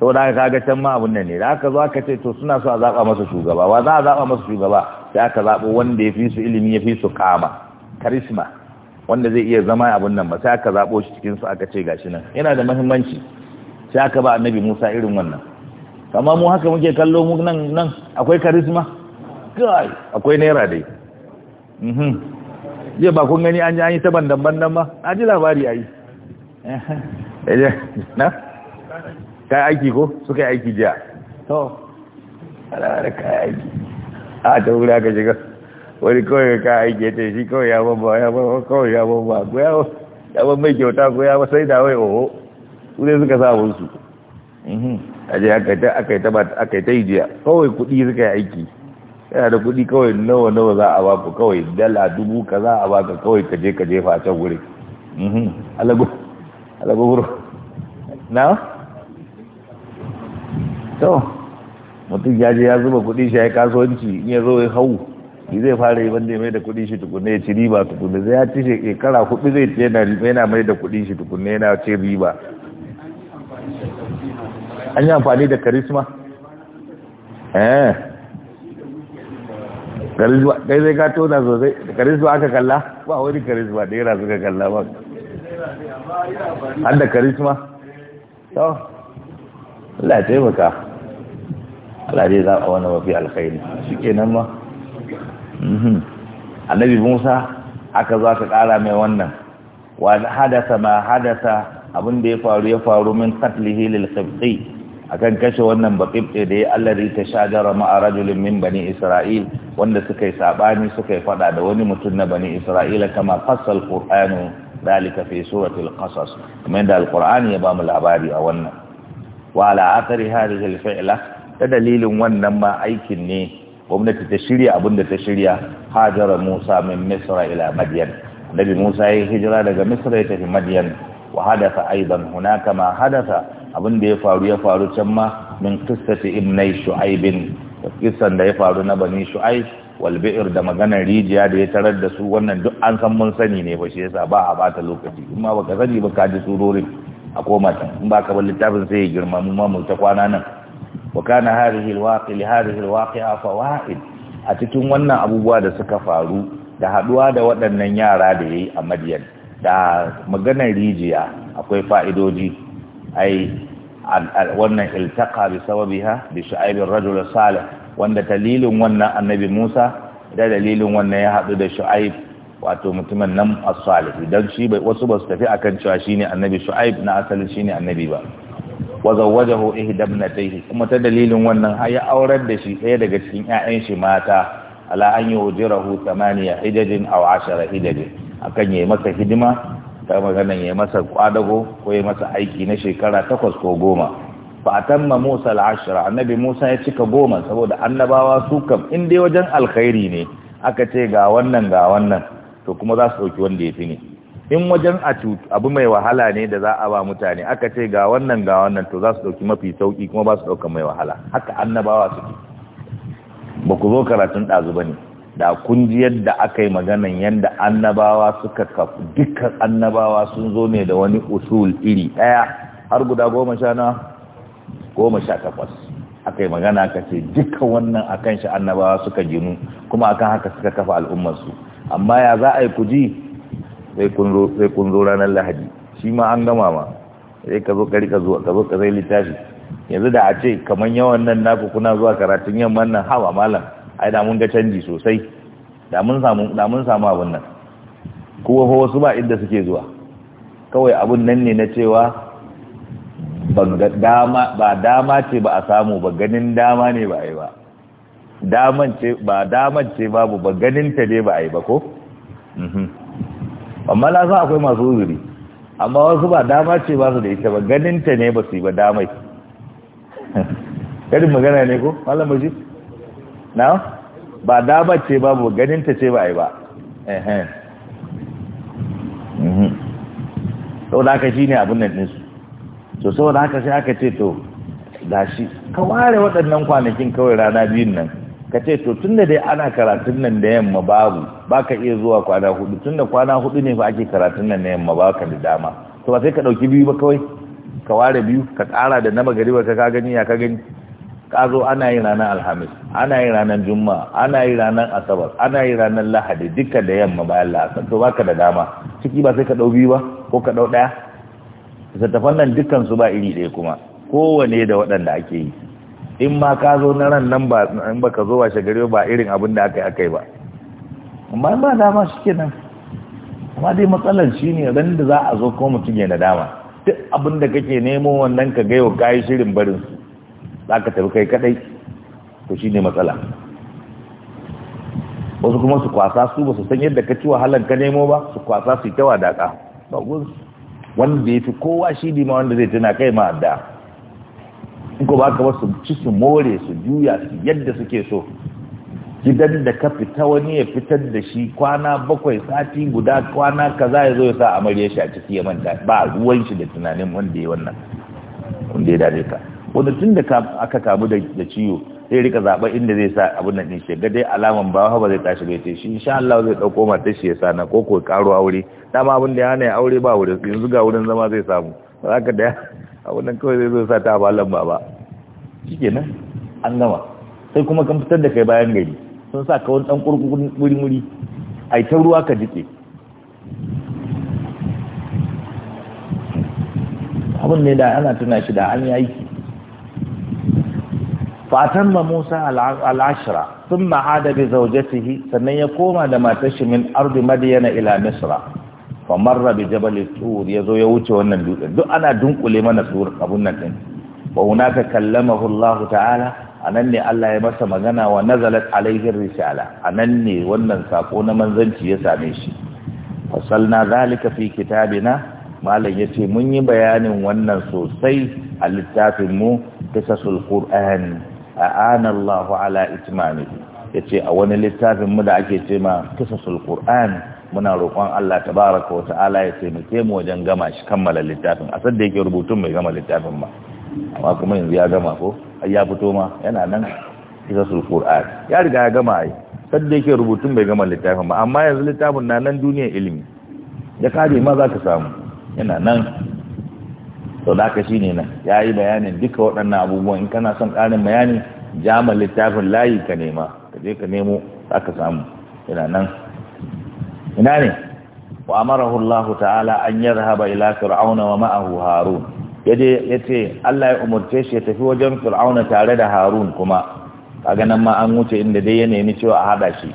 da aka kaga can ma abun nan ne da aka zo aka ce to suna so a zaba masa shugaba wa za a zaba masa shugaba sai aka zabo wanda ya fi su ilimi ya fi su kama karisma wanda zai iya zama abun nan ba sai aka zabo shi cikin su aka ce gashi nan yana da muhimmanci sai aka ba annabi Musa irin wannan amma mu haka muke kallo mu nan nan akwai karisma kai akwai naira dai mhm je ba kun gani an yi ta bandan bandan ba a ji labari ayi eh, eh na kai aiki ko suka yi aiki jiya to ala kai aiki a ta wuri aka shiga wani kawai ka aiki ya shi kawai ya babba ya babba kawai ya babba ko ya babba mai kyauta ko ya sai da wai oho su ne suka sa abinsu mhm. a je aka yi ta aka ta yi jiya kawai kuɗi suka yi aiki yana da kuɗi kawai nawa nawa za a ku kawai dala dubu ka za a baka kawai ka je ka je a can wuri mhm. alagogoro na to mutum ya je ya zuba kuɗi shi ya yi kasuwanci in ya zo ya hau shi zai fara yi wanda ya mai da kuɗi shi tukunne ya ci riba tukunne zai ya ci shekara kuɗi zai ce yana mai da kuɗi shi tukunne yana ce riba an yi amfani da karisma ehn karisma kai zai gato na sosai karisma aka kalla ba wani karisma da yana suka kalla ba an da karisma to Allah ya taimaka Allah zai zaɓa wani mafi alkhairi shi kenan ma mhm. annabi musa aka za ka ƙara mai wannan wa hadasa ma hadasa abin da ya faru ya faru min katlihi lil khabti akan kashe wannan baƙibɗe da ya allari ta shajara ma'a rajulin min bani isra'il wanda suka yi saɓani suka yi faɗa da wani mutum na bani isra'ila kama fassal ƙuranu dalika fi suratul qasas kamar da alqur'ani ya bamu labari a wannan wa ala athari hadhihi alfi'la Ta dalilin wannan ma aikin ne gwamnati ta shirya abin da ta shirya hajara Musa min Misra ila Madyan Nabi Musa ya hijira daga Misra ya tafi Madyan wa hadatha aidan hunaka ma hadatha abin da ya faru ya faru can ma min qissati ibnai shu'aibin kissan da ya faru na bani shu'aib wal da maganar rijiya da ya tarar da su wannan duk an san mun sani ne ba shi yasa ba a bata lokaci in ma baka sani ba ka ji surorin a koma can in ba ka bar littafin sai ya girma mu ma mu ta kwana nan wa kana hadhihi alwaqi li hadhihi alwaqi'a fawaid a cikin wannan abubuwa da suka faru da haduwa da waɗannan yara da yayi a madiyan da maganar rijiya akwai fa'idoji ai wannan iltaka bi sababiha bi shu'aib rajul salih wanda dalilin wannan annabi Musa da dalilin wannan ya haɗu da shu'aib wato mutumin nan as-salih dan shi wasu ba su tafi akan cewa shine annabi shu'aib na asali shine annabi ba wa zawwajahu ihda kuma ta dalilin wannan har ya aurar da shi ɗaya daga cikin ƴaƴan shi mata ala an yujirahu thamaniya hijajin aw ashara hijajin akan yayi masa hidima ta magana ya masa kwadago ko ya masa aiki na shekara takwas ko goma ba a tamma Musa al'ashira annabi Musa ya cika goma saboda annabawa su kam in dai wajen alkhairi ne aka ce ga wannan ga wannan to kuma za su dauki wanda ya fi ne in wajen a abu mai wahala ne da za a ba mutane aka ce ga wannan ga wannan to za su dauki mafi sauki kuma ba su dauka mai wahala haka annabawa suke ba ku zo karatun ɗazu ba ne da kun ji yadda aka yi maganan yadda annabawa suka kafu dukkan annabawa sun zo ne da wani usul iri daya har guda goma sha na goma sha takwas aka yi magana ka ce dukkan wannan akan shi annabawa suka jinu kuma akan haka suka kafa al'ummarsu amma ya za a yi ku ji sai kun zo ranar lahadi shi ma an gama ma sai ka zo ka zo ka zo ka zai littafi yanzu da a ce kamar yawan nan naku kuna zuwa karatun yamman nan hawa malam ai da mun ga canji sosai da mun samu abun nan kuma fa wasu ba inda suke zuwa kawai abun nan ne na cewa ba dama ce ba a samu ba ganin dama ne ba ai ba daman ce ba daman ce babu ba ganin ta ne ba ai ba ko mhm. amma la za akwai masu uzuri amma wasu ba dama ce ba su da ita ba ganin ta ne ba su yi ba damai karin magana ne ko malam na ba dama ce ba ba ganinta ce ba yi ba ehem mhm. sau da aka shi ne abin nan ɗinsu to sau da aka sai aka ce to gashi ka ware waɗannan kwanakin kawai rana biyun nan ka ce to tun da dai ana karatun nan da yamma babu ba ka iya zuwa kwana hudu tun da kwana hudu ne fa ake karatun nan da yamma ba ka da dama to ba sai ka ɗauki biyu ba kawai ka ware biyu ka ƙara da na magariba ka ka gani ya ka gani ka zo ana yin ranar alhamis ana yi ranar juma'a ana yi ranar asabar ana yi ranar lahadi duka da yamma bayan la'asar to baka da dama ciki ba sai ka ɗau biyu ba ko ka ɗau ɗaya littattafan nan dukkan su ba iri ɗaya kuma kowane da waɗanda ake yi in ma ka zo na ran nan ba in ka zo washe gare ba irin abin da aka yi aka yi ba amma ba dama shi kenan amma dai matsalar shi ne ran da za a zo ko mutum ya dama. duk abin da kake nemo wannan ka gaiwa kayi shirin barin su za ka tafi kai kadai to shi ne matsala wasu kuma su kwasa su ba su san yadda ka ci halar ka nemo ba su kwasa su yi ta wadaka ba wanda ya fi kowa shi ne ma wanda zai tuna kai ma da in ko ba ka ba su ci su more su juya su yadda suke so gidan da ka fita wani ya fitar da shi kwana bakwai sati guda kwana kaza ya zo ya sa amarya shi a ciki ya manta ba ruwan shi da tunanin wanda ya wannan wanda ya dare ka wanda da aka kamu da ciwo sai rika zaɓa inda zai sa abin nan ɗin shiga dai alaman ba ba zai tashi bai ce shi insha Allah zai ɗauko mata shi ya sa na koko ƙaro aure dama abin da ya hana ya aure ba su yanzu ga wurin zama zai samu ba za ka daya abin nan kawai zai zo sa ta balan ba ba nan an gama sai kuma kan fitar da kai bayan gari sun sa ka wani ɗan kurkukun muri-muri a ta ruwa ka jike abin ne da ana tuna shi da an yi aiki fatan ma Musa al'ashira sun ma'ada bi zaujatihi sannan ya koma da matashi min ardi madiyana ila misra fa marra bi ya zo ya wuce wannan dutse duk ana dunkule mana sur abun nan din wa ka kallama Hullahu ta'ala nan ne Allah ya masa magana wa nazalat alaihin risala nan ne wannan sako na manzanci ya same shi fasalna zalika fi kitabina malam ya ce mun yi bayanin wannan sosai a littafinmu kisasul ƙur'ani a'ana Allahu ala itmanihi yace a wani littafin mu da ake ce ma kisasul qur'an muna roƙon Allah tabaraka wa ta'ala ya taimake mu wajen gama shi kammala littafin a sadda yake rubutun mai gama littafin ma amma kuma yanzu ya gama ko ya fito ma yana nan kisasul qur'an ya riga ya gama ai sadda yake rubutun bai gama littafin ma amma yanzu littafin na nan duniyar ilimi ya kare ma za ka samu yana nan to da ka shine nan ya yi bayanin duka waɗannan abubuwan in kana son ƙarin bayani jama littafin layi ka nema ka je ka nemo za ka samu ina nan ina ne wa amarahu Allah ta'ala an yarhaba ila fir'auna wa ma'ahu harun yaje yace Allah ya umurce shi ya tafi wajen fir'auna tare da harun kuma kaga nan ma an wuce inda dai ya nemi cewa a hada shi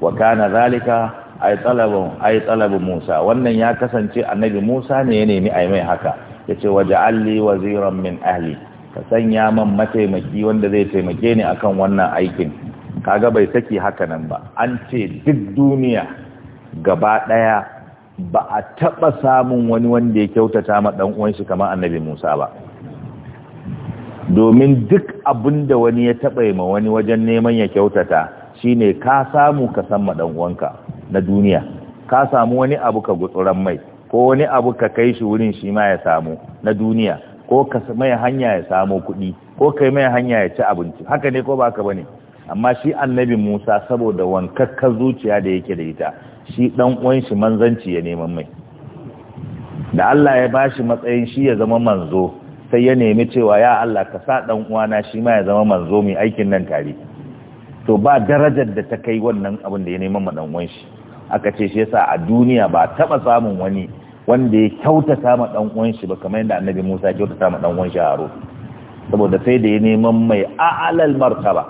wa kana zalika ay talabu Musa wannan ya kasance annabi Musa ne ya nemi yi mai haka yace waj'alli waziran min ahli ka sanya man mataimaki wanda zai taimake ni akan wannan aikin kaga bai saki hakanan ba an ce duk duniya gaba daya ba a taba samun wani wanda ya kyautata ma dan uwan shi kamar annabi Musa ba domin duk abinda wani ya taba yi ma wani wajen neman ya kyautata shine ka samu ka san ma uwanka na duniya ka samu wani abu ka gutsuran mai ko wani abu ka kai shi wurin shi ma ya samu na duniya ko ka mai hanya ya samu kuɗi ko kai mai hanya ya ci abinci haka ne ko ba ka bane amma shi annabi Musa saboda wankakkar zuciya da yake da ita shi dan uwan shi manzanci ya neman mai da Allah ya ba shi matsayin shi ya zama manzo sai ya nemi cewa ya Allah ka sa dan uwana shi ma ya zama manzo mai aikin nan tare to ba darajar da ta kai wannan abin da ya neman ma dan uwan shi aka ce shi yasa a duniya ba taba samun wani wanda ya kyautata ma dan uwan shi ba kamar yadda annabi Musa ya kyautata ma dan uwan shi Harun saboda sai da ya neman mai a'alal martaba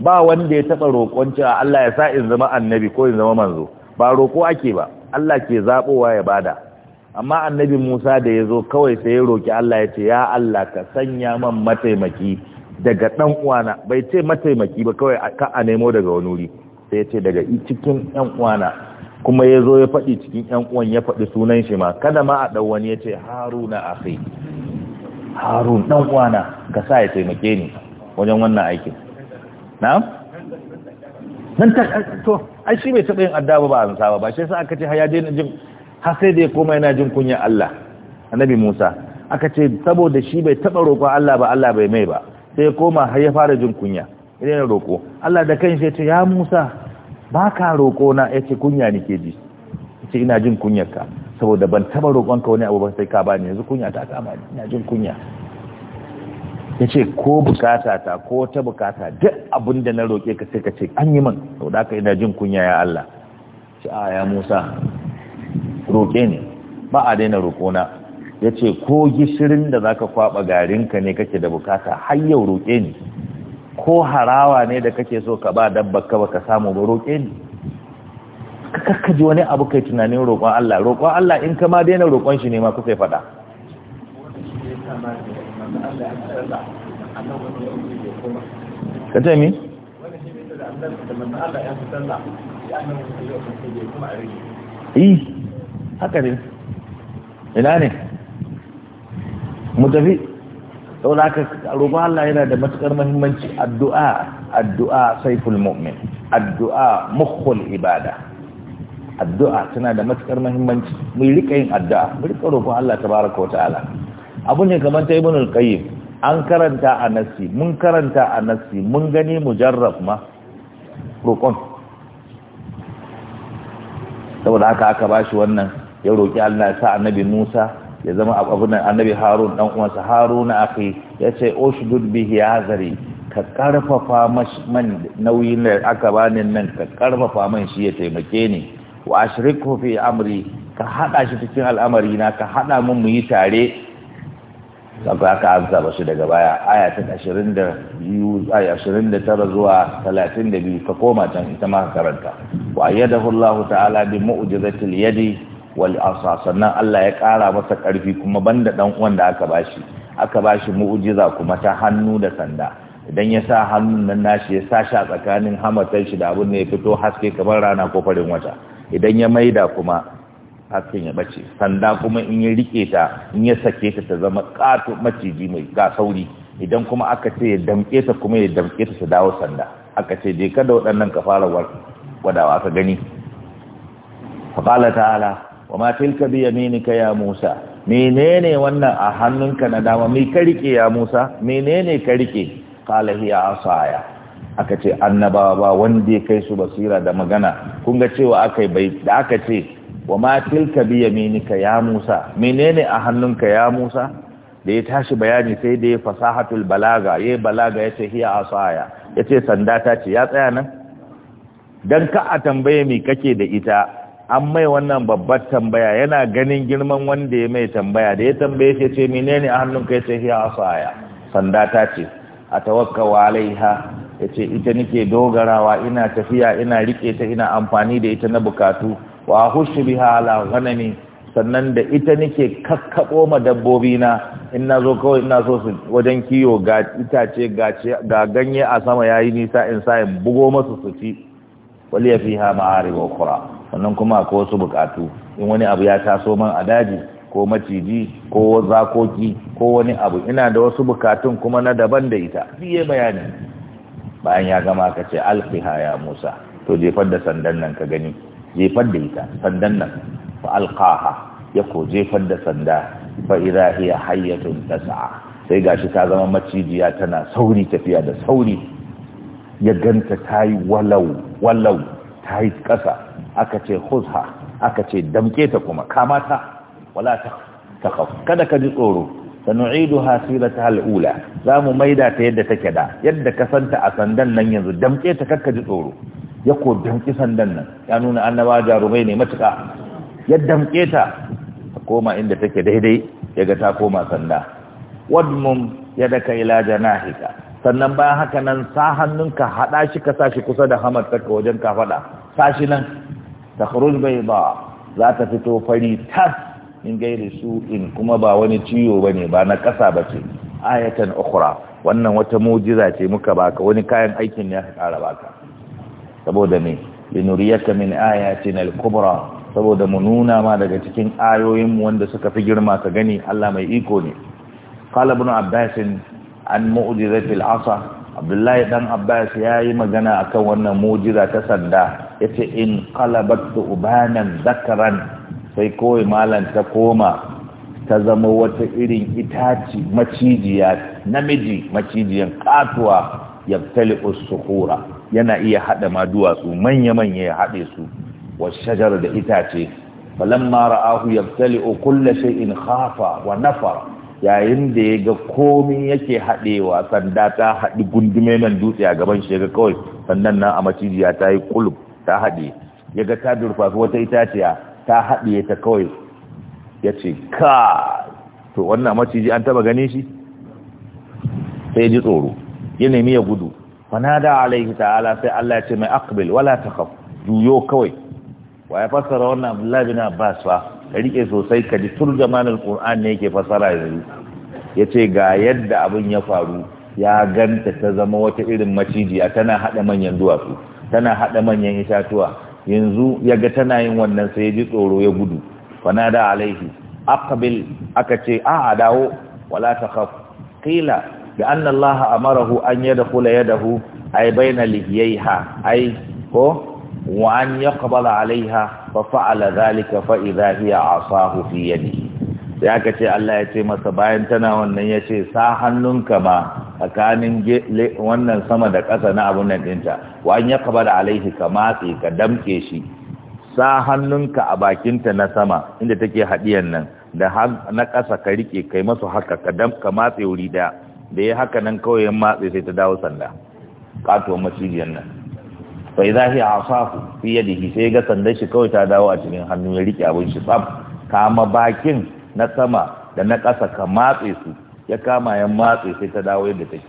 ba wanda ya taba roƙon cewa Allah ya sa in zama annabi ko in zama manzo ba roƙo ake ba Allah ke zabowa ya bada amma annabi Musa da ya zo kawai sai ya roki Allah ya ce ya Allah ka sanya man mataimaki daga ɗan uwana bai ce mataimaki ba kawai ka a nemo daga wani wuri sai ya ce daga cikin yan uwana kuma ya zo ya faɗi cikin yan uwan ya faɗi sunan shi ma kada ma a ɗau wani ya ce haruna akhi harun ɗan uwana ka sa ya taimake ni wajen wannan aikin na, nan ta to ai shi bai taɓa yin addabu ba an saba ba shi yasa aka ce haya daina jin har sai da ya koma yana jin kunya Allah annabi Musa aka ce saboda shi bai taɓa roƙon Allah ba Allah bai mai ba sai ya koma har ya fara jin kunya idan roƙo Allah da kan shi ya ce ya Musa ba ka roƙo na ya ce kunya ke ji ce ina jin kunyarka saboda ban taba roƙonka wani abu ba sai ka bani yanzu kunya ta kama ina jin kunya ya ce ko bukata ta ko ta bukata duk abin da na roƙe ka sai ka ce an yi min sau da aka ina jin kunya ya Allah ce a ya Musa roƙe ne ba a daina roƙona ya ce ko gishirin da za ka kwaɓa garinka ne kake da bukata har yau roƙe ne ko harawa ne da kake so ka ba dabbar ka baka samu ba roƙe ni ka ji wani abu kai tunanin roƙon Allah roƙon Allah in ka ma daina roƙon shi ne ma kusa faɗa ka mi? yi haka ne ina ne mu tafi saboda haka roƙon Allah yana da matukar muhimmanci addu'a addu'a saiful mu'min addu'a mukhul ibada addu'a tana da matukar muhimmanci mu rika yin addu'a mu rika roƙon Allah tabaraka wa ta'ala abu ne kamar ta ibnul qayyim an karanta a nasi mun karanta a nasi mun gani mujarrab ma roƙon saboda haka aka bashi wannan ya roƙi Allah ya sa annabi Musa ya zama abu-abu nan annabi harun dan uwansa haruna akhi ya ce ushdud bihi azari ka karfafa man nauyin da aka bani nan ka karfafa man shi ya taimake ni wa ashriku fi amri ka hada shi cikin al'amari na ka hada mun mu yi tare saka ka amsa ba shi daga baya aya ta 22 aya 29 zuwa 32 ka koma can ita ma ka karanta wa ayyadahu Allah ta'ala bi mu'jizatil yadi walasa sannan Allah ya kara masa karfi kuma banda dan uwan da aka shi aka bashi mu'ujiza kuma ta hannu da sanda idan ya sa hannun nan nashi ya sa shi a tsakanin hamatar shi da abin da ya fito haske kamar rana ko farin wata idan ya maida kuma hasken ya bace sanda kuma in ya rike ta in ya sake ta ta zama ƙato maciji mai ga sauri idan kuma aka ce ya damke ta kuma ya damke ta su dawo sanda aka ce je kada waɗannan ka fara wadawa ka gani faƙala ta'ala wa ma tilka bi yaminika ya Musa menene wannan a hannunka na dama mi ka rike ya Musa menene ka rike qala hiya asaya aka ce annabawa ba wanda ya kai su basira da magana kun ga cewa akai bai da aka ce wa ma tilka bi yaminika ya Musa menene a hannunka ya Musa da ya tashi bayani sai da ya fasahatul balaga ya balaga ya ce hiya asaya ya ce sanda ta ce ya tsaya nan Dan ka a tambaye mi kake da ita an mai wannan babbar tambaya yana ganin girman wanda ya mai tambaya da ya tambaye shi ce menene a hannun sai ya ce aya sanda ta ce a tawakkawa alaiha ya ce ita nike dogarawa ina tafiya ina rike ta ina amfani da ita na bukatu wa hushu biha ala ghanami sannan da ita nike kakkabo ma dabbobi na in na zo kawai ina so su wajen kiyo ga itace ga ganye a sama yayi nisa in sa in bugo masu su ci ya fi ha ma'ari wa kura. sannan kuma ko wasu bukatu in wani abu ya taso man a daji ko maciji ko zakoki ko wani abu ina da wasu bukatun kuma na daban da ita fiye bayani bayan ya gama ka ce alfiha ya Musa to jefar da sandan nan ka gani jefar da ita sandan nan fa alqaha ya ko jefar da sanda fa idha hiya hayyatun tas'a sai gashi ta zama macijiya tana sauri tafiya da sauri ya ganta ta yi walau walau ta yi ƙasa aka ce huzha aka ce damke ta kuma kamata wala ta khaf kada ka ji tsoro sanu'idu hasirata al'ula za mu maida ta yadda take da yadda ka santa a sandan nan yanzu damke ta kakka ji tsoro ya ko damke sandan nan ya nuna annaba jarumai ne matuka ya damke ta ta koma inda take daidai ya ga ta koma sanda wadmum yadaka ila janahika sannan bayan haka nan sa hannunka haɗa shi ka shi kusa da hamartarka wajen ka faɗa shi nan ta bai ba za ta fito fari tas in gairi su in kuma ba wani ciwo ba ne ba na ƙasa ba ce ayatan ukura wannan wata mujiza ce muka baka wani kayan aikin ya ƙara baka saboda me linuriyaka min ayatin al-kubra saboda mu nuna ma daga cikin ayoyinmu wanda suka fi girma ka gani Allah mai iko ne qala ibn abbas an mu'jizatil asa abdullahi dan abbas ya yi magana akan wannan mu'jiza ta sanda yace in qalabat ubanan zakaran sai kawai malam ta koma ta zama wata irin itaci macijiya namiji macijiyan katuwa yabtali usuhura yana iya hada ma duwatsu manya-manya ya haɗe su wa shajar da itace falamma ra'ahu yabtali kullu shay'in khafa wa nafara yayin da ya ga komin yake haɗewa sanda ta haɗi gundume nan dutse a gaban shi ga kawai sannan nan a macijiya ta yi kulub ta haɗe ya ga ta durfafi wata itaciya ta haɗe ta kawai ya ce ka to wannan maciji an taba gane shi sai ji tsoro ya nemi ya gudu da alaihi ta'ala sai Allah ya ce mai aqbil wala takhaf juyo kawai wa ya fassara wannan Abdullah bin Abbas fa ka rike sosai ka ji turjamanin qur'an ne yake fasara yanzu yace ga yadda abin ya faru ya ganta ta zama wata irin macijiya tana hada manyan duwatsu tana hada manyan itatuwa yanzu ya ga tana yin wannan sai ya ji tsoro ya gudu fanada alaihi aqbil aka ce a dawo wala takhaf qila da anna allaha amarahu an yadkhula yadahu ay bayna lihiyaiha ay ko وأن يقبل عليها ففعل ذلك فإذا هي عصاه في يده Ya ce Allah ya ce masa bayan tana wannan ya ce sa hannunka ma tsakanin wannan sama da ƙasa na abun nan ɗinta wa an ya da alaihi ka matse ka damke shi sa hannunka a bakinta na sama inda take haɗiyan nan da na ƙasa ka rike kai masu haka ka damka matse wuri ɗaya da ya haka nan kawai ya matse sai ta dawo sanda ƙatuwar macijiyan nan bai idza hi fiye fi shi sai ga sandan shi kawai ta dawo a cikin hannu ya rike abin shi tsab kama bakin na sama da na ƙasa ka matse su ya kama ya matse sai ta dawo yadda take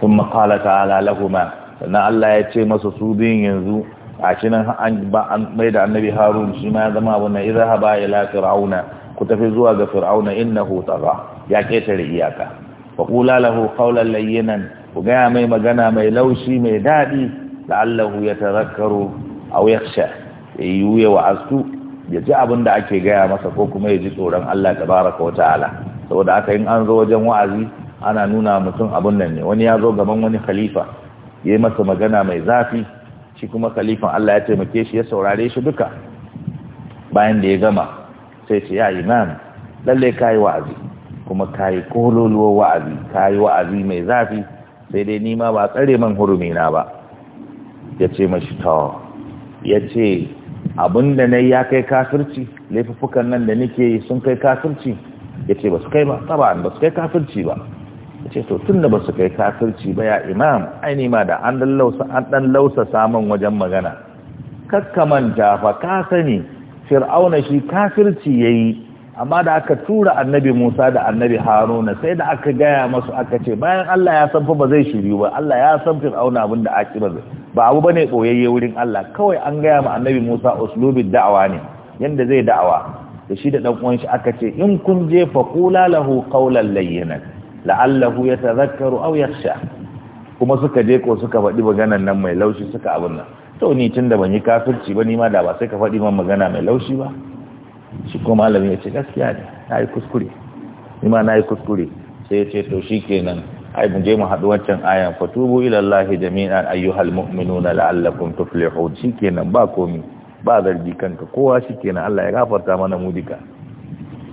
sun makala ta'ala lahuma sannan Allah ya ce masa su biyun yanzu a cinan an ba an mai da annabi harun shi ma ya zama abu na iza haba ila fir'auna ku tafi zuwa ga fir'auna innahu tagha ya ketare iyaka fa qula lahu qawlan layyinan ku gaya mai magana mai laushi mai daɗi la'allahu yatazakkaru aw yakhsha yayu ya asu ya ji abin da ake gaya masa ko kuma ya ji tsoron Allah baraka wata wata'ala saboda aka yin an zo wajen wa'azi ana nuna mutum abin nan ne wani ya zo gaban wani khalifa yayi masa magana mai zafi shi kuma khalifan Allah ya taimake shi ya saurare shi duka bayan da ya gama sai ce ya imam lalle kai wa'azi kuma kai kololuwa wa'azi kai wa'azi mai zafi sai dai nima ba tsare man hurumina ba ya ce mashi ta ya ce abinda na ya kai kafirci laifuffukan nan da nake yi sun kai kafirci ya ce ba su kai ba taba ba su kai kafirci ba ya ce to tun da ba su kai kafirci ba ya imam aini ma da an dan lausa samun wajen magana kakkaman fa ka sani fir'auna shi kafirci ya yi amma da aka tura annabi Musa da annabi Haruna sai da aka gaya masu aka ce bayan Allah ya san fa ba zai shiryu ba Allah ya san Fir'auna abin da ake ba ba abu bane koyayye wurin Allah kawai an gaya ma annabi Musa uslubin da'awa ne yanda zai da'awa da shi da dan uwan shi aka ce in kun je fa qula lahu qawlan layyinan la'allahu yatadhakkaru aw yakhsha kuma suka je ko suka faɗi maganan nan mai laushi suka abin nan to ni tunda ban yi kafirci ba ni ma da ba sai ka faɗi man magana mai laushi ba shi ko malamin ya ce gaskiya ne na yi kuskure ni ma na yi kuskure sai ya ce to shi kenan ai mu je mu haɗu wancan ayan fatubu ila Allah jami'an ayyuhal mu'minuna la'allakum tuflihun shi kenan ba komi ba zargi kanka kowa shi kenan Allah ya gafarta mana mu duka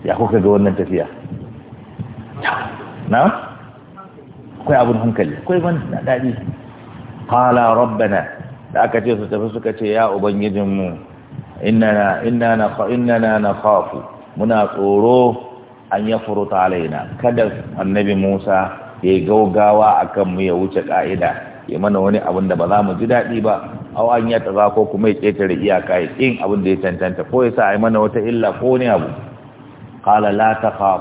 ya kuka ga wannan tafiya na kai abun hankali kai ban daɗi qala rabbana da aka ce su tafi suka ce ya ubangijinmu inna na fa muna tsoro an ya yafruta alaina kada annabi Musa ya gaugawa akan mu ya wuce ka'ida ya mana wani abin da ba za mu ji daɗi ba aw an ya taza ko kuma ya ƙetare iyaka ya kin abin da ya cancanta ko ya sa a yi mana wata illa ko ne abu kala la ya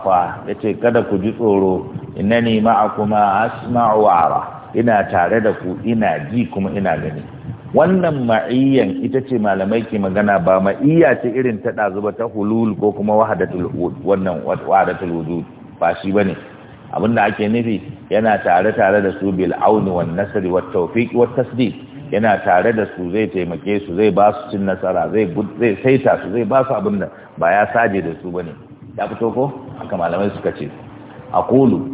yace kada ku ji tsoro ne ma'a kuma asma'u wa ina tare da ku ina ji kuma ina gani wannan ma'iyyan ita ce malamai ke magana ba ma'iyya ce irin ta ɗazu ba ta hulul ko kuma wahadatul wannan wahadatul wujud ba shi bane abin da ake nufi yana tare tare da su bil auni wan nasri wat tawfiq wat tasdiq yana tare da su zai taimake su zai ba su cin nasara zai zai saita su zai ba su abin da ba ya saje da su bane ya fito ko haka malamai suka ce aqulu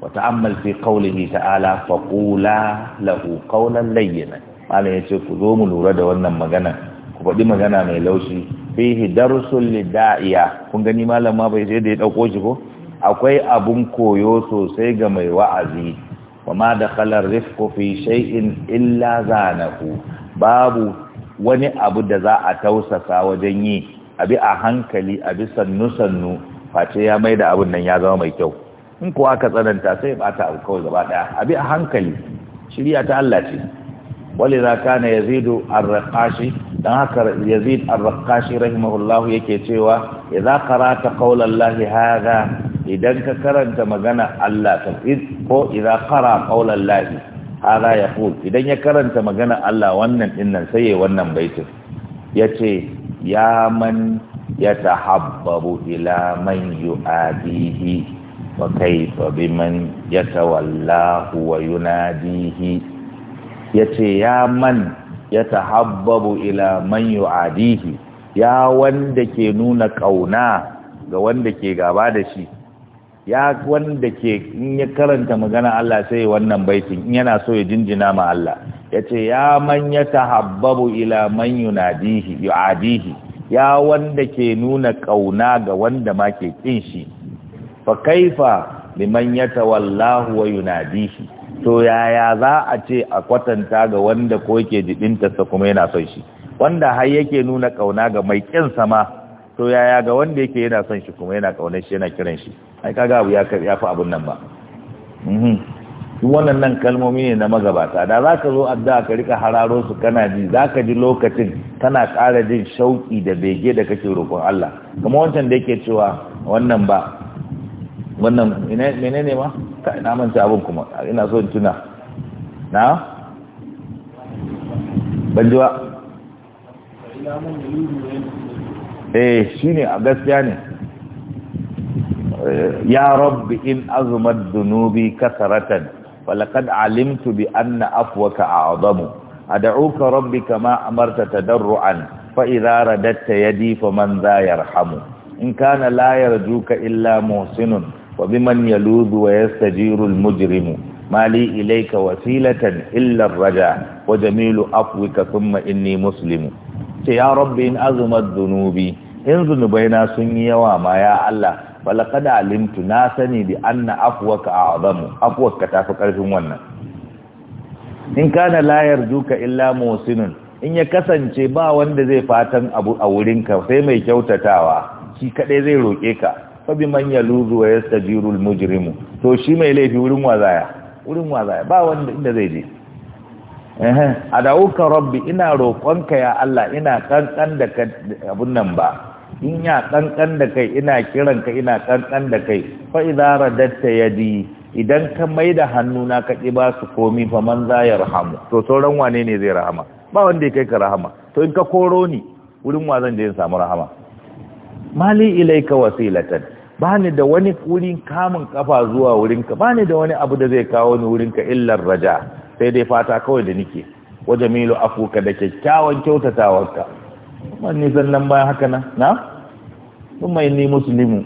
wa ta'ammal fi qawlihi ta'ala faqula lahu qawlan layyinan malam ya ce ku zo mu lura da wannan magana ku faɗi magana mai laushi fihi darsul lida'iya kun gani malam ma bai sai da ya ɗauko shi ko akwai abun koyo sosai ga mai wa'azi wa ma dakhala rifqu fi shay'in illa zanahu babu wani abu da za a tausasa wajen yi abi a hankali abi sannu sannu face ya mai da abun nan ya zama mai kyau in kuwa ka tsananta sai ya bata abu kawai gaba daya abi a hankali shirya ta Allah ce ولذا كان يزيد الرقاشي dan haka Yazid ar-Raqashi rahimahullahu yake cewa idza qara'ta qaulallahi hadha idan ka karanta magana Allah ta ko idza qara qaulallahi hadha yaqul idan ya karanta magana Allah wannan dinnan sai yayin wannan baitin yace ya man yatahabbabu ila man yu'adihi wa kayfa biman yatawallahu wa yunadihi Yace ce ya man ya tahabbabu ila man yu'adihi ya wanda ke nuna kauna ga wanda ke gaba da shi ya wanda ke in ya karanta magana Allah sai wannan baitin in yana so ya jinjina ma Allah yace ce ya man ya habbabu ila man yunadihi yu'adihi ya wanda ke nuna kauna ga wanda ma ke kin shi fa kaifa liman yatawallahu wa yunadihi to yaya za a ce a kwatanta ga wanda ko yake sa kuma yana son shi wanda har yake nuna kauna ga mai kinsa ma to yaya ga wanda yake yana son shi kuma yana kaunar shi yana kiran shi ai kaga abu ya ya fi abun nan ba mhm. duk wannan nan kalmomi ne na magabata da za ka zo addu'a ka rika hararo su kana ji za ka ji lokacin kana ƙara jin shauƙi da bege da kake roƙon Allah kuma wancan da yake cewa wannan ba wannan menene ma ta ina manta abin kuma ina so in tuna na banjuwa eh shi ne a gaskiya ne eh, ya rabbi in azumar dunubi kasaratan falakad alimtu bi anna afwaka a'zamu ad'uka rabbi kama amarta tadarruan fa idza radatta yadi faman za yarhamu in kana la yarjuka illa muhsinun wa man yaluzu wa yastajiru al-mujrimu mali ilayka wasilatan illa ar-raja wa jamilu afwika thumma inni muslimu ce ya rabbi in azumat dhunubi in zunubaina sun yi yawa ma ya Allah balaqad alimtu na sani bi anna afwaka a'zamu afwaka tafi karfin wannan in kana la yarjuka illa musinun in ya kasance ba wanda zai fatan abu a wurinka sai mai kyautatawa shi kadai zai roke ka fabi bi man yaluzu wa yastajiru al mujrimu to shi mai laifi wurin wazaya wurin wazaya ba wanda inda zai je eh adauka rabbi ina roƙonka ya Allah ina kankan da abun nan ba in ya kankan da kai ina kiran kiranka ina kankan da kai fa idza radatta yadi idan ka maida hannuna ka ki ba su komi fa man za ya rahamu to sauran wane ne zai rahama ba wanda ya kai ka rahama to in ka koro ni wurin wa zan je in samu rahama mali ilaika wasilatan ba ni da wani wurin kamun kafa zuwa wurinka ba ni da wani abu da zai kawo ni wurinka illar raja sai dai fata kawai da nike wa jamilu afuka da kyakkyawan kyautatawarka man ni nan bayan haka nan na kuma ni musulmi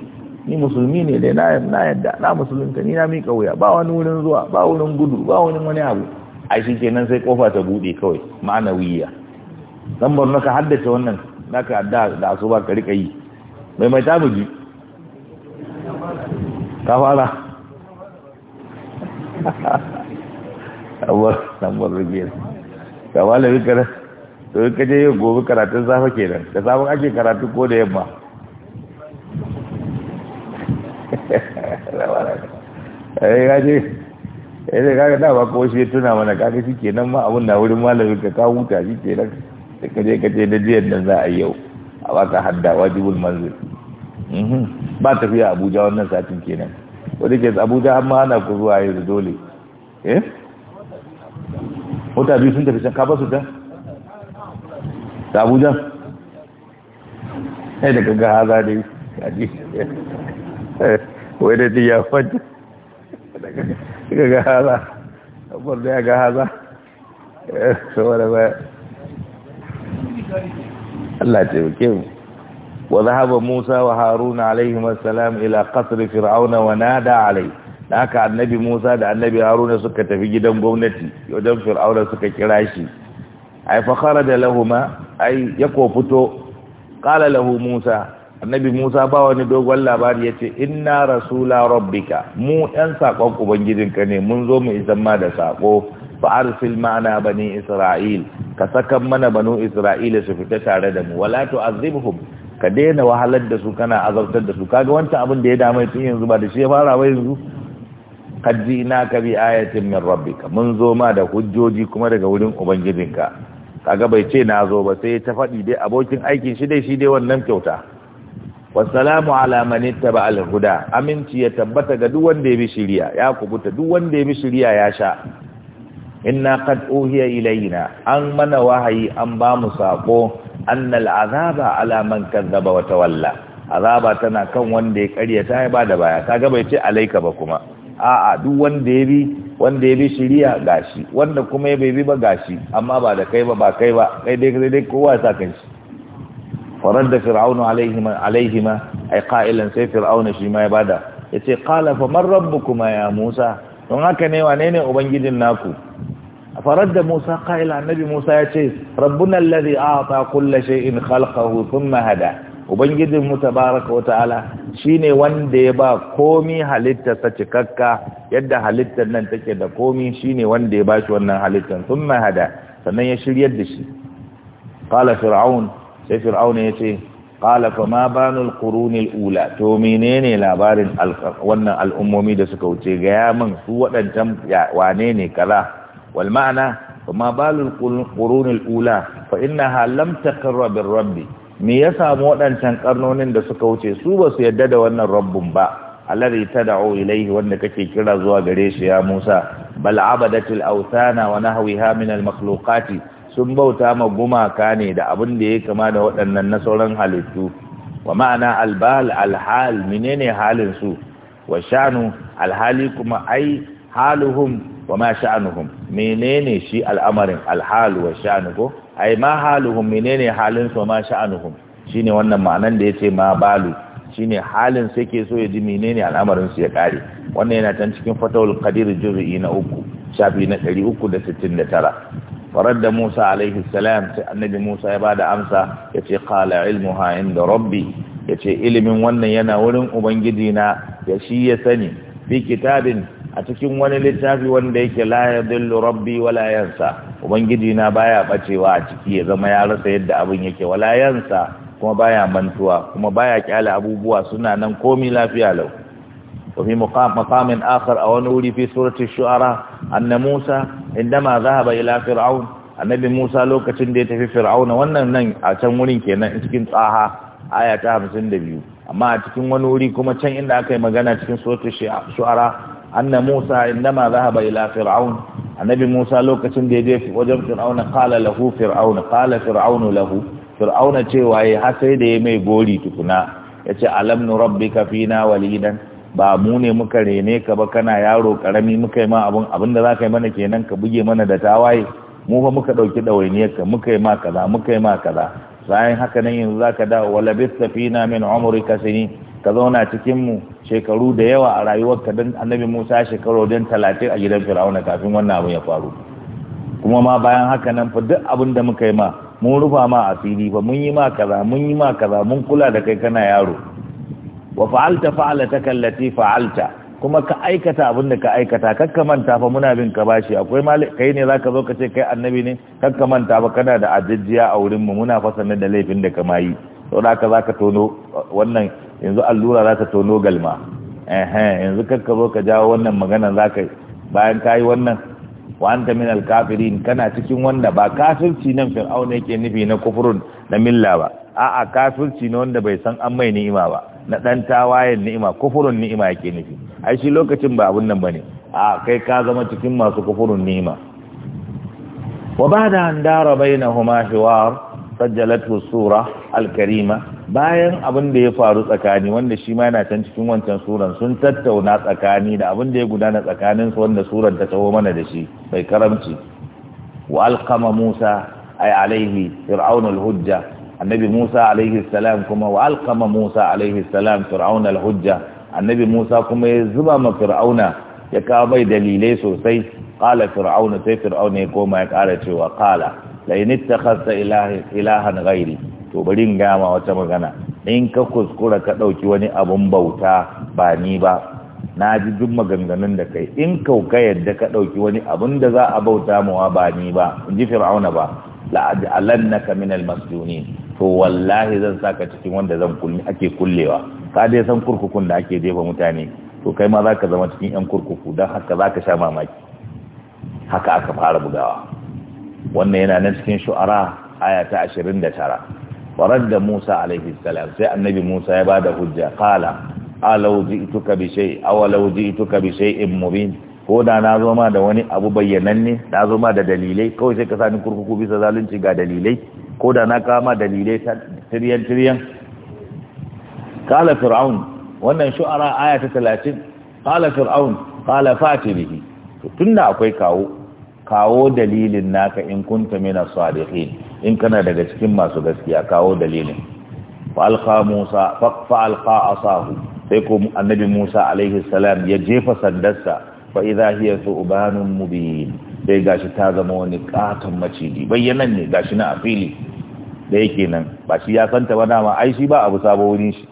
ni musulmi ne dai na yadda na musulunta ni na miƙa wuya ba wani wurin zuwa ba wurin gudu ba wani wani abu a shi kenan sai kofa ta buɗe kawai ma'ana wiya dan naka ka haddace wannan naka da da asuba ka rika yi mai mai ta muji ta fara abuwar samuwar rigiyar ga wala karar to yi kaje yin gobe karatun safe kenan da safe ake karatu ko da yamma eh, eh, ai gaje ai da kaga da ba ko shi tuna mana kaga shi kenan ma abun na wurin malamin ka ka huta shi kenan da kaje kaje da jiyar nan za a yau a baka hadda wajibul manzil Mhm. ba tafiya abuja wannan satin kenan wadda ke abuja amma ana ku zuwa yanzu dole eh Wata biyu sun tafi can kaba su ta da abuja sai da gaga haza da yi kaji wai da ji ya da daga ga haza abuwar da ya ga haza eh, saboda ba Allah ce mu وذهب موسى وهارون عليهما السلام إلى قصر فرعون ونادى عليه لك annabi موسى ده النبي هارون suka tafi gidan gwamnati wajen fir'auna suka kira shi ai fa kharaja yako fito qala lahu musa annabi musa ba wani dogon labari ya yace inna rasula rabbika mu ɗan sakon ubangijinka ne mun zo mu isa ma da sako fa arsil ma'ana bani isra'il ka sakan mana banu isra'ila su fita tare da mu wala tu'azzibhum ka daina wahalar da su kana azabtar da su kaga wancan abin da ya damai tun yanzu ba da shi ya fara ba yanzu kaddi na ka bi ayatin min rabbika mun zo ma da hujjoji kuma daga wurin ubangijinka kaga bai ce na zo ba sai ta faɗi dai abokin aikin shi dai shi dai wannan kyauta wasalamu ala man ittaba al huda aminci ya tabbata ga duk wanda ya bi shiriya ya kubuta duk wanda ya bi shiriya ya sha inna qad uhiya ilaina an mana wahayi an ba mu sako annal azaba ala man kazzaba wa tawalla azaba tana kan wanda ya karyata ya bada baya kaga bai ce alaika ba kuma a'a duk wanda ya bi wanda ya bi shirya gashi wanda kuma ya bai bi ba gashi amma ba da kai ba ba kai ba kai dai kai dai kowa sa kan shi faradda fir'aunu alaihima ai qa'ilan sai fir'auna shi ma ya bada yace qala fa man rabbukuma ya musa don haka ne wane ne ubangijin naku فرد موسى قائل عن النبي موسى يا شيخ ربنا الذي أعطى كل شيء خلقه ثم هدى ubangijin mu tabaraka wa ta'ala shine wanda ya ba komi halitta sa cikakka yadda halittar nan take da komi shine wanda ya bashi wannan halittar thumma hada sannan ya shirya da shi qala fir'aun sai fir'aun ya ce qala fa ma banul ula to menene labarin wannan al'ummomi da suka wuce gaya ya min su wadancan wanene kaza wal ma'ana ma balul qurunil ula fa innaha lam rabbi me ya samu waɗancan karnonin da suka wuce su ba su yadda da wannan rabbun ba alladhi tad'u ilayhi wanda kake kira zuwa gare shi ya Musa bal abadatil awthana wa nahwiha min al makhluqati sun bauta ma gumaka ne da abin da ya kama da waɗannan na sauran halittu wa ma'ana albal alhal menene halin su wa shanu alhali kuma ai haluhum wa ma sha'anuhum menene shi al'amarin alhalu wa sha'anuhu ai ma haluhum menene halin su ma sha'anuhum shine wannan ma'anan da yace ma balu shine halin su yake so ya ji menene al'amarin su ya kare wannan yana tan cikin fatawul qadir juz'i na uku shafi na 369 da Musa alaihi salam sai annabi Musa ya bada amsa yace qala ilmuha inda rabbi yace ilimin wannan yana wurin ubangiji na ya shi ya sani fi kitabin a cikin wani littafi wanda yake la dillu rabbi wala yansa ubangiji na baya bacewa a ciki ya zama ya rasa yadda abin yake wala yansa kuma baya mantuwa kuma baya kyala abubuwa suna nan komi lafiya lau wa fi maqamin akhar aw wuri fi surati shu'ara anna musa indama zahaba ila fir'aun annabi musa lokacin da ya tafi fir'auna wannan nan a can wurin kenan cikin tsaha aya ta 52 amma a cikin wani wuri kuma can inda aka yi magana cikin suratul shu'ara anna Musa indama zahaba ila fir'aun annabi Musa lokacin da ya je wajen fir'auna qala lahu fir'aun qala fir'aun lahu fir'aun cewa ya har sai da ya mai gori tukuna yace alam nu rabbika fina walidan ba mu ne muka rene ka ba kana yaro karami muka yi ma abun abin da ka yi mana kenan ka buge mana da tawaye mu fa muka ɗauki dawainiyar ka muka yi ma kaza muka yi ma kaza bayan haka nan yanzu zaka dawo wala bista min umrika sini ka zauna cikin mu shekaru da yawa a rayuwarka dan annabi Musa shekaru dan 30 a gidan Fir'auna kafin wannan abu ya faru kuma ma bayan haka nan fa duk abin da muka yi ma mun rufa ma asiri fa mun yi ma kaza mun yi ma kaza mun kula da kai kana yaro wa fa'alta fa'alataka allati fa'alta kuma ka aikata abin da ka aikata kakka manta fa muna bin ka bashi akwai mali kai ne zaka zo ka ce kai annabi ne kakka manta fa kana da ajajjiya a wurin mu muna fa sanar da laifin da ka mayi to da ka zaka tono wannan yanzu allura za tono galma eh yanzu kakka zo ka jawo wannan magana zaka bayan kai wannan wa anta min kafirin kana cikin wanda ba kafirci nan fir'auna yake nufi na kufrun na milla ba a'a kafirci ne wanda bai san an mai ni'ima ba na dan tawayen ni'ima kufurun ni'ima yake nufi ai shi lokacin ba abun nan bane a kai ka zama cikin masu kufurun nima wa ba'da an dara bainahuma hiwar sajjalatu sura al-karima bayan abin da ya faru tsakani wanda shi ma yana can cikin wancan suran sun tattauna tsakani da abin da ya gudana tsakanin su wanda suran ta taho mana da shi bai karamci wa alqama musa ay alaihi fir'aun hujja annabi musa alaihi salam kuma wa alqama musa alaihi salam fir'aun hujja annabi Musa kuma ya zuba ma fir'auna ya kawo mai dalilai sosai kala fir'auna sai fir'auna ya koma ya kara cewa kala. la in ittakhadta ilahan ghairi to bari in gama wata magana in ka kuskura ka ɗauki wani abun bauta ba ni ba na ji duk maganganun da kai in kauka yadda ka ɗauki wani abun da za a bauta mawa ba ni ba in ji fir'auna ba la'aj'alannaka minal masjunin to wallahi zan saka cikin wanda zan kulli ake kullewa ka dai san kurkukun da ake jefa mutane to kai ma zaka zama cikin yan kurkuku dan haka zaka sha mamaki haka aka fara bugawa wannan yana nan cikin shu'ara aya ta 29 warad da Musa alaihi salam sai annabi Musa ya bada hujja qala alau ji'tuka bi shay aw law ji'tuka bi shay'in mubin ko da na zo ma da wani abu bayyananne na zo ma da dalilai kawai sai ka sani kurkuku bisa zalunci ga dalilai ko da na kama dalilai tiryan tiryan kala fir'aun wannan shu'ara aya ta 30 kala fir'aun fati fatilihi to tunda akwai kawo kawo dalilin naka in kunta mina sadiqin in kana daga cikin masu gaskiya kawo dalilin fa musa fa asahu sai ko annabi musa alaihi salam ya jefa sandarsa fa idha hiya thubanun mubin sai gashi ta zama wani katon maciji bayyanan ne gashi na a fili da yake nan ba shi ya santa ba dama ai shi ba abu sabo wurin shi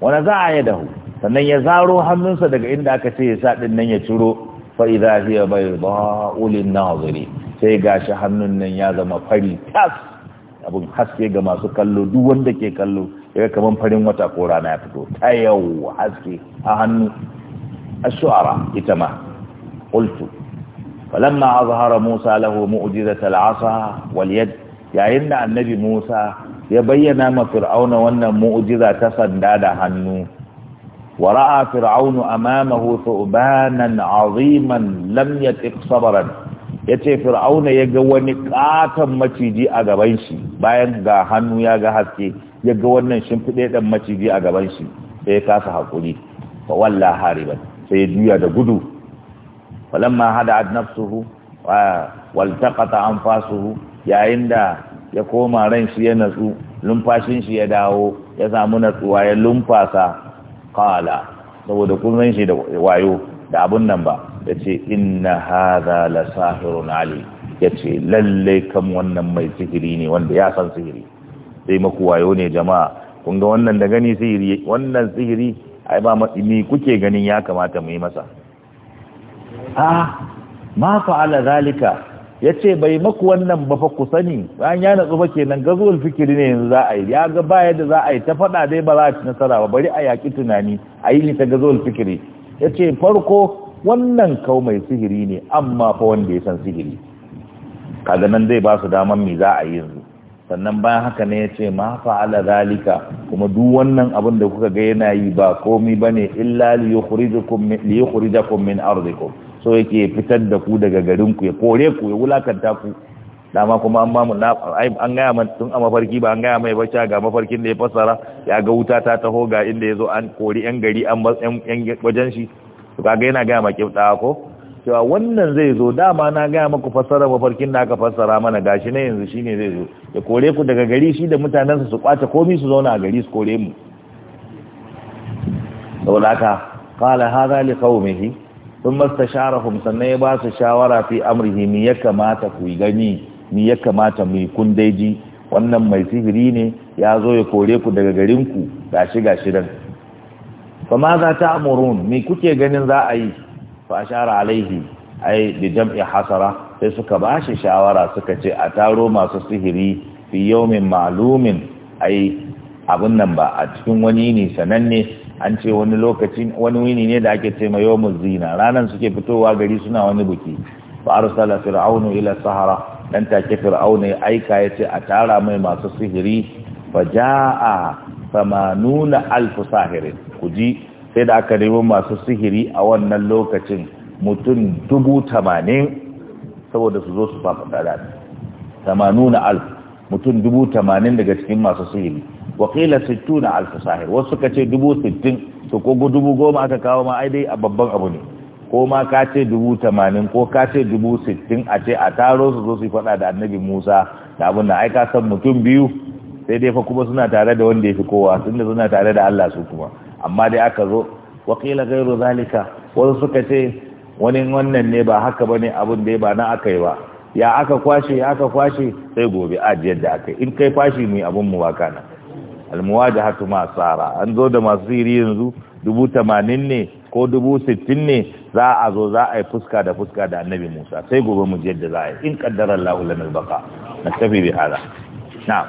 wani za a yi dahu sannan ya zaro hannunsa daga inda aka ce ya sa din nan ya ciro fa idza hiya baydha'ulin naziri sai gashi hannun nan ya zama fari tas abun haske ga masu kallo duk wanda ke kallo ya kaman farin wata ko rana ya fito ta yau haske a hannu ashu'ara ita ma qultu falamma azhara Musa lahu mu'jizatal asa wal yad yayin da annabi Musa ya bayyana ma fir'auna wannan mu'jiza ta sanda da hannu wa ra'a fir'aunu amamahu thubanan 'aziman lam yatiq sabran yace fir'auna ya ga wani katon maciji a gaban shi bayan ga hannu ya ga haske ya ga wannan shimfiɗe maciji a gaban shi sai ya kasa haƙuri fa walla hariban sai ya juya da gudu falamma hada'at nafsuhu waltaqata anfasuhu yayin da ya koma ran shi ya natsu lumfashin shi ya dawo ya samu natsuwa ya lumfasa qala saboda kun shi da wayo da abun nan ba yace inna hadha la sahirun ali ce lalle kan wannan mai sihiri ne wanda ya san sihiri sai maku wayo ne jama'a kun ga wannan da gani sihiri wannan sihiri ai ba ni kuke ganin ya kamata mu yi masa a ah, ma fa'ala zalika yace bai maku wannan ba fa ku sani bayan ya natsu kenan gazuwar fikiri ne yanzu za a yi ya ga baya yadda za a yi ta faɗa dai ba za a ci nasara ba bari a yaƙi tunani a yi ta gazuwar fikiri yace farko wannan kau mai sihiri ne amma fa wanda ya san sihiri kaga nan zai ba su daman me za a yi yanzu sannan bayan haka ne ya ce ma fa'ala zalika kuma duk wannan abin da kuka ga yana yi ba komi bane illa li yukhrijakum min ardikum so yake fitar da ku daga garin ku ya kore ku ya wulakanta ku dama kuma an mamu an gaya man tun a mafarki ba an gaya mai bacha ga mafarkin da ya fassara ya ga wuta ta taho ga inda yazo zo an kori yan gari an yan wajen shi to kaga yana gaya ma kyauta ko cewa wannan zai zo dama na gaya maku fassara mafarkin da aka fassara mana gashi na yanzu shine zai zo ya kore ku daga gari shi da mutanansa su kwace komi su zauna a gari su kore mu saboda haka qala hadha liqaumihi sun mastasharahum sannan ya ba su shawara fi amrihi mi ya kamata ku gani mi ya kamata mu kun daiji wannan mai sihiri ne ya zo ya kore ku daga garin ku gashi gashi dan fa ma za ta amurun mi kuke ganin za a yi fa ashara alaihi ai bi jam'i hasara sai suka ba shi shawara suka ce a taro masu sihiri fi yawmin ma'lumin ai abun nan ba a cikin wani ne sananne an ce wani lokaci wani wini ne da ake ce ma yawon zina Ranar suke fitowa gari suna wani buki Ba'arsala arsala fir'aunu ila sahara dan take fir'auna ya aika ya ce a tara mai masu sihiri fa jaa samanuna alf sahirin kuji sai da aka nemi masu sihiri a wannan lokacin mutum dubu tamanin saboda su zo su fafa alf mutum dubu tamanin daga cikin masu sihiri wakila 60 na alf wasu ka ce 60 to ko dubu goma aka kawo ma ai dai a babban abu ne ko ma ka ce 80 ko ka ce 60 a ce a taro su zo su yi faɗa da annabi Musa da abin da ai ka san mutum biyu sai dai fa kuma suna tare da wanda ya fi kowa da suna tare da Allah su kuma amma dai aka zo wakila gairu zalika wasu suka ce wani wannan ne ba haka ba ne abin da ba na aka yi ba ya aka kwashe ya aka kwashe sai gobe ajiyar da aka yi in kai fashi mu abun mu waka na almuwajahatu ma tsara an zo da masu sihiri yanzu dubu ne ko dubu ne za a zo za a yi fuska da fuska da annabi musa sai gobe mu je da za a yi in kaddara allahu lana albaka na tafi bi hada na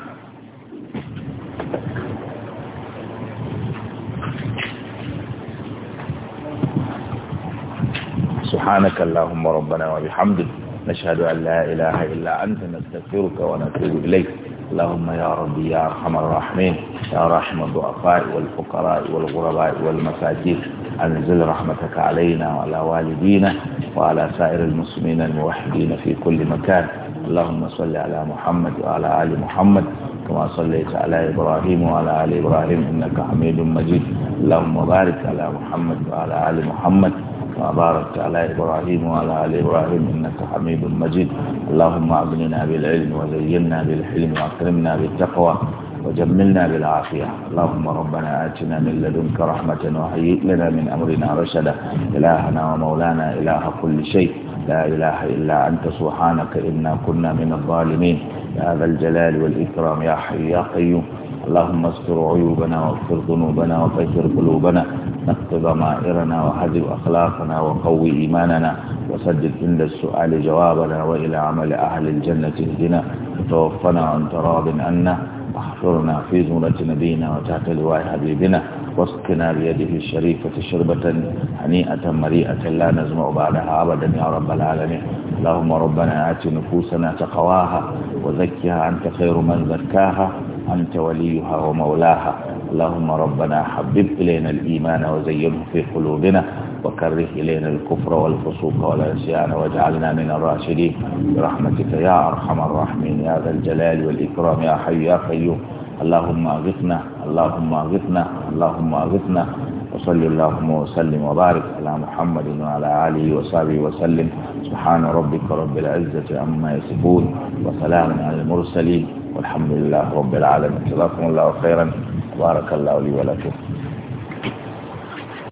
سبحانك اللهم ربنا وبحمدك نشهد أن لا إله إلا أنت نستغفرك ونتوب إليك اللهم يا ربي يا أرحم الراحمين يا رحم الضعفاء والفقراء والغرباء والمساكين أنزل رحمتك علينا وعلى والدينا وعلى سائر المسلمين الموحدين في كل مكان اللهم صل على محمد وعلى آل محمد كما صليت على إبراهيم وعلى آل إبراهيم إنك حميد مجيد اللهم بارك على محمد وعلى آل محمد وبارك على إبراهيم وعلى آل إبراهيم إنك حميد مجيد اللهم أغننا بالعلم وزينا بالحلم وأكرمنا بالتقوى وجملنا بالعافية اللهم ربنا آتنا من لدنك رحمة وهيئ لنا من أمرنا رشدا إلهنا ومولانا إله كل شيء لا إله إلا أنت سبحانك إنا كنا من الظالمين يا ذا الجلال والإكرام يا حي يا قيوم اللهم استر عيوبنا واغفر ذنوبنا وفجر قلوبنا نقض ضمائرنا وحذب أخلاقنا وقوي إيماننا وسدد عند السؤال جوابنا وإلى عمل أهل الجنة اهدنا وتوفنا عن راض عنا واحفرنا في زمرة نبينا وتحت لواء حبيبنا واسقنا بيده الشريفة شربة هنيئة مريئة لا نزمع بعدها أبدا يا رب العالمين اللهم ربنا آت نفوسنا تقواها وزكها أنت خير من زكاها أنت وليها ومولاها اللهم ربنا حبب إلينا الإيمان وزينه في قلوبنا وكره إلينا الكفر والفسوق والعصيان واجعلنا من الراشدين برحمتك يا أرحم الراحمين يا ذا الجلال والإكرام يا حي يا قيوم اللهم اغثنا اللهم اغثنا اللهم اغثنا وصلي اللهم وسلم وبارك على محمد وعلى آله وصحبه وسلم سبحان ربك رب العزة عما يصفون وسلام على المرسلين والحمد لله رب العالمين جزاكم الله خيرا بارك الله لي ولكم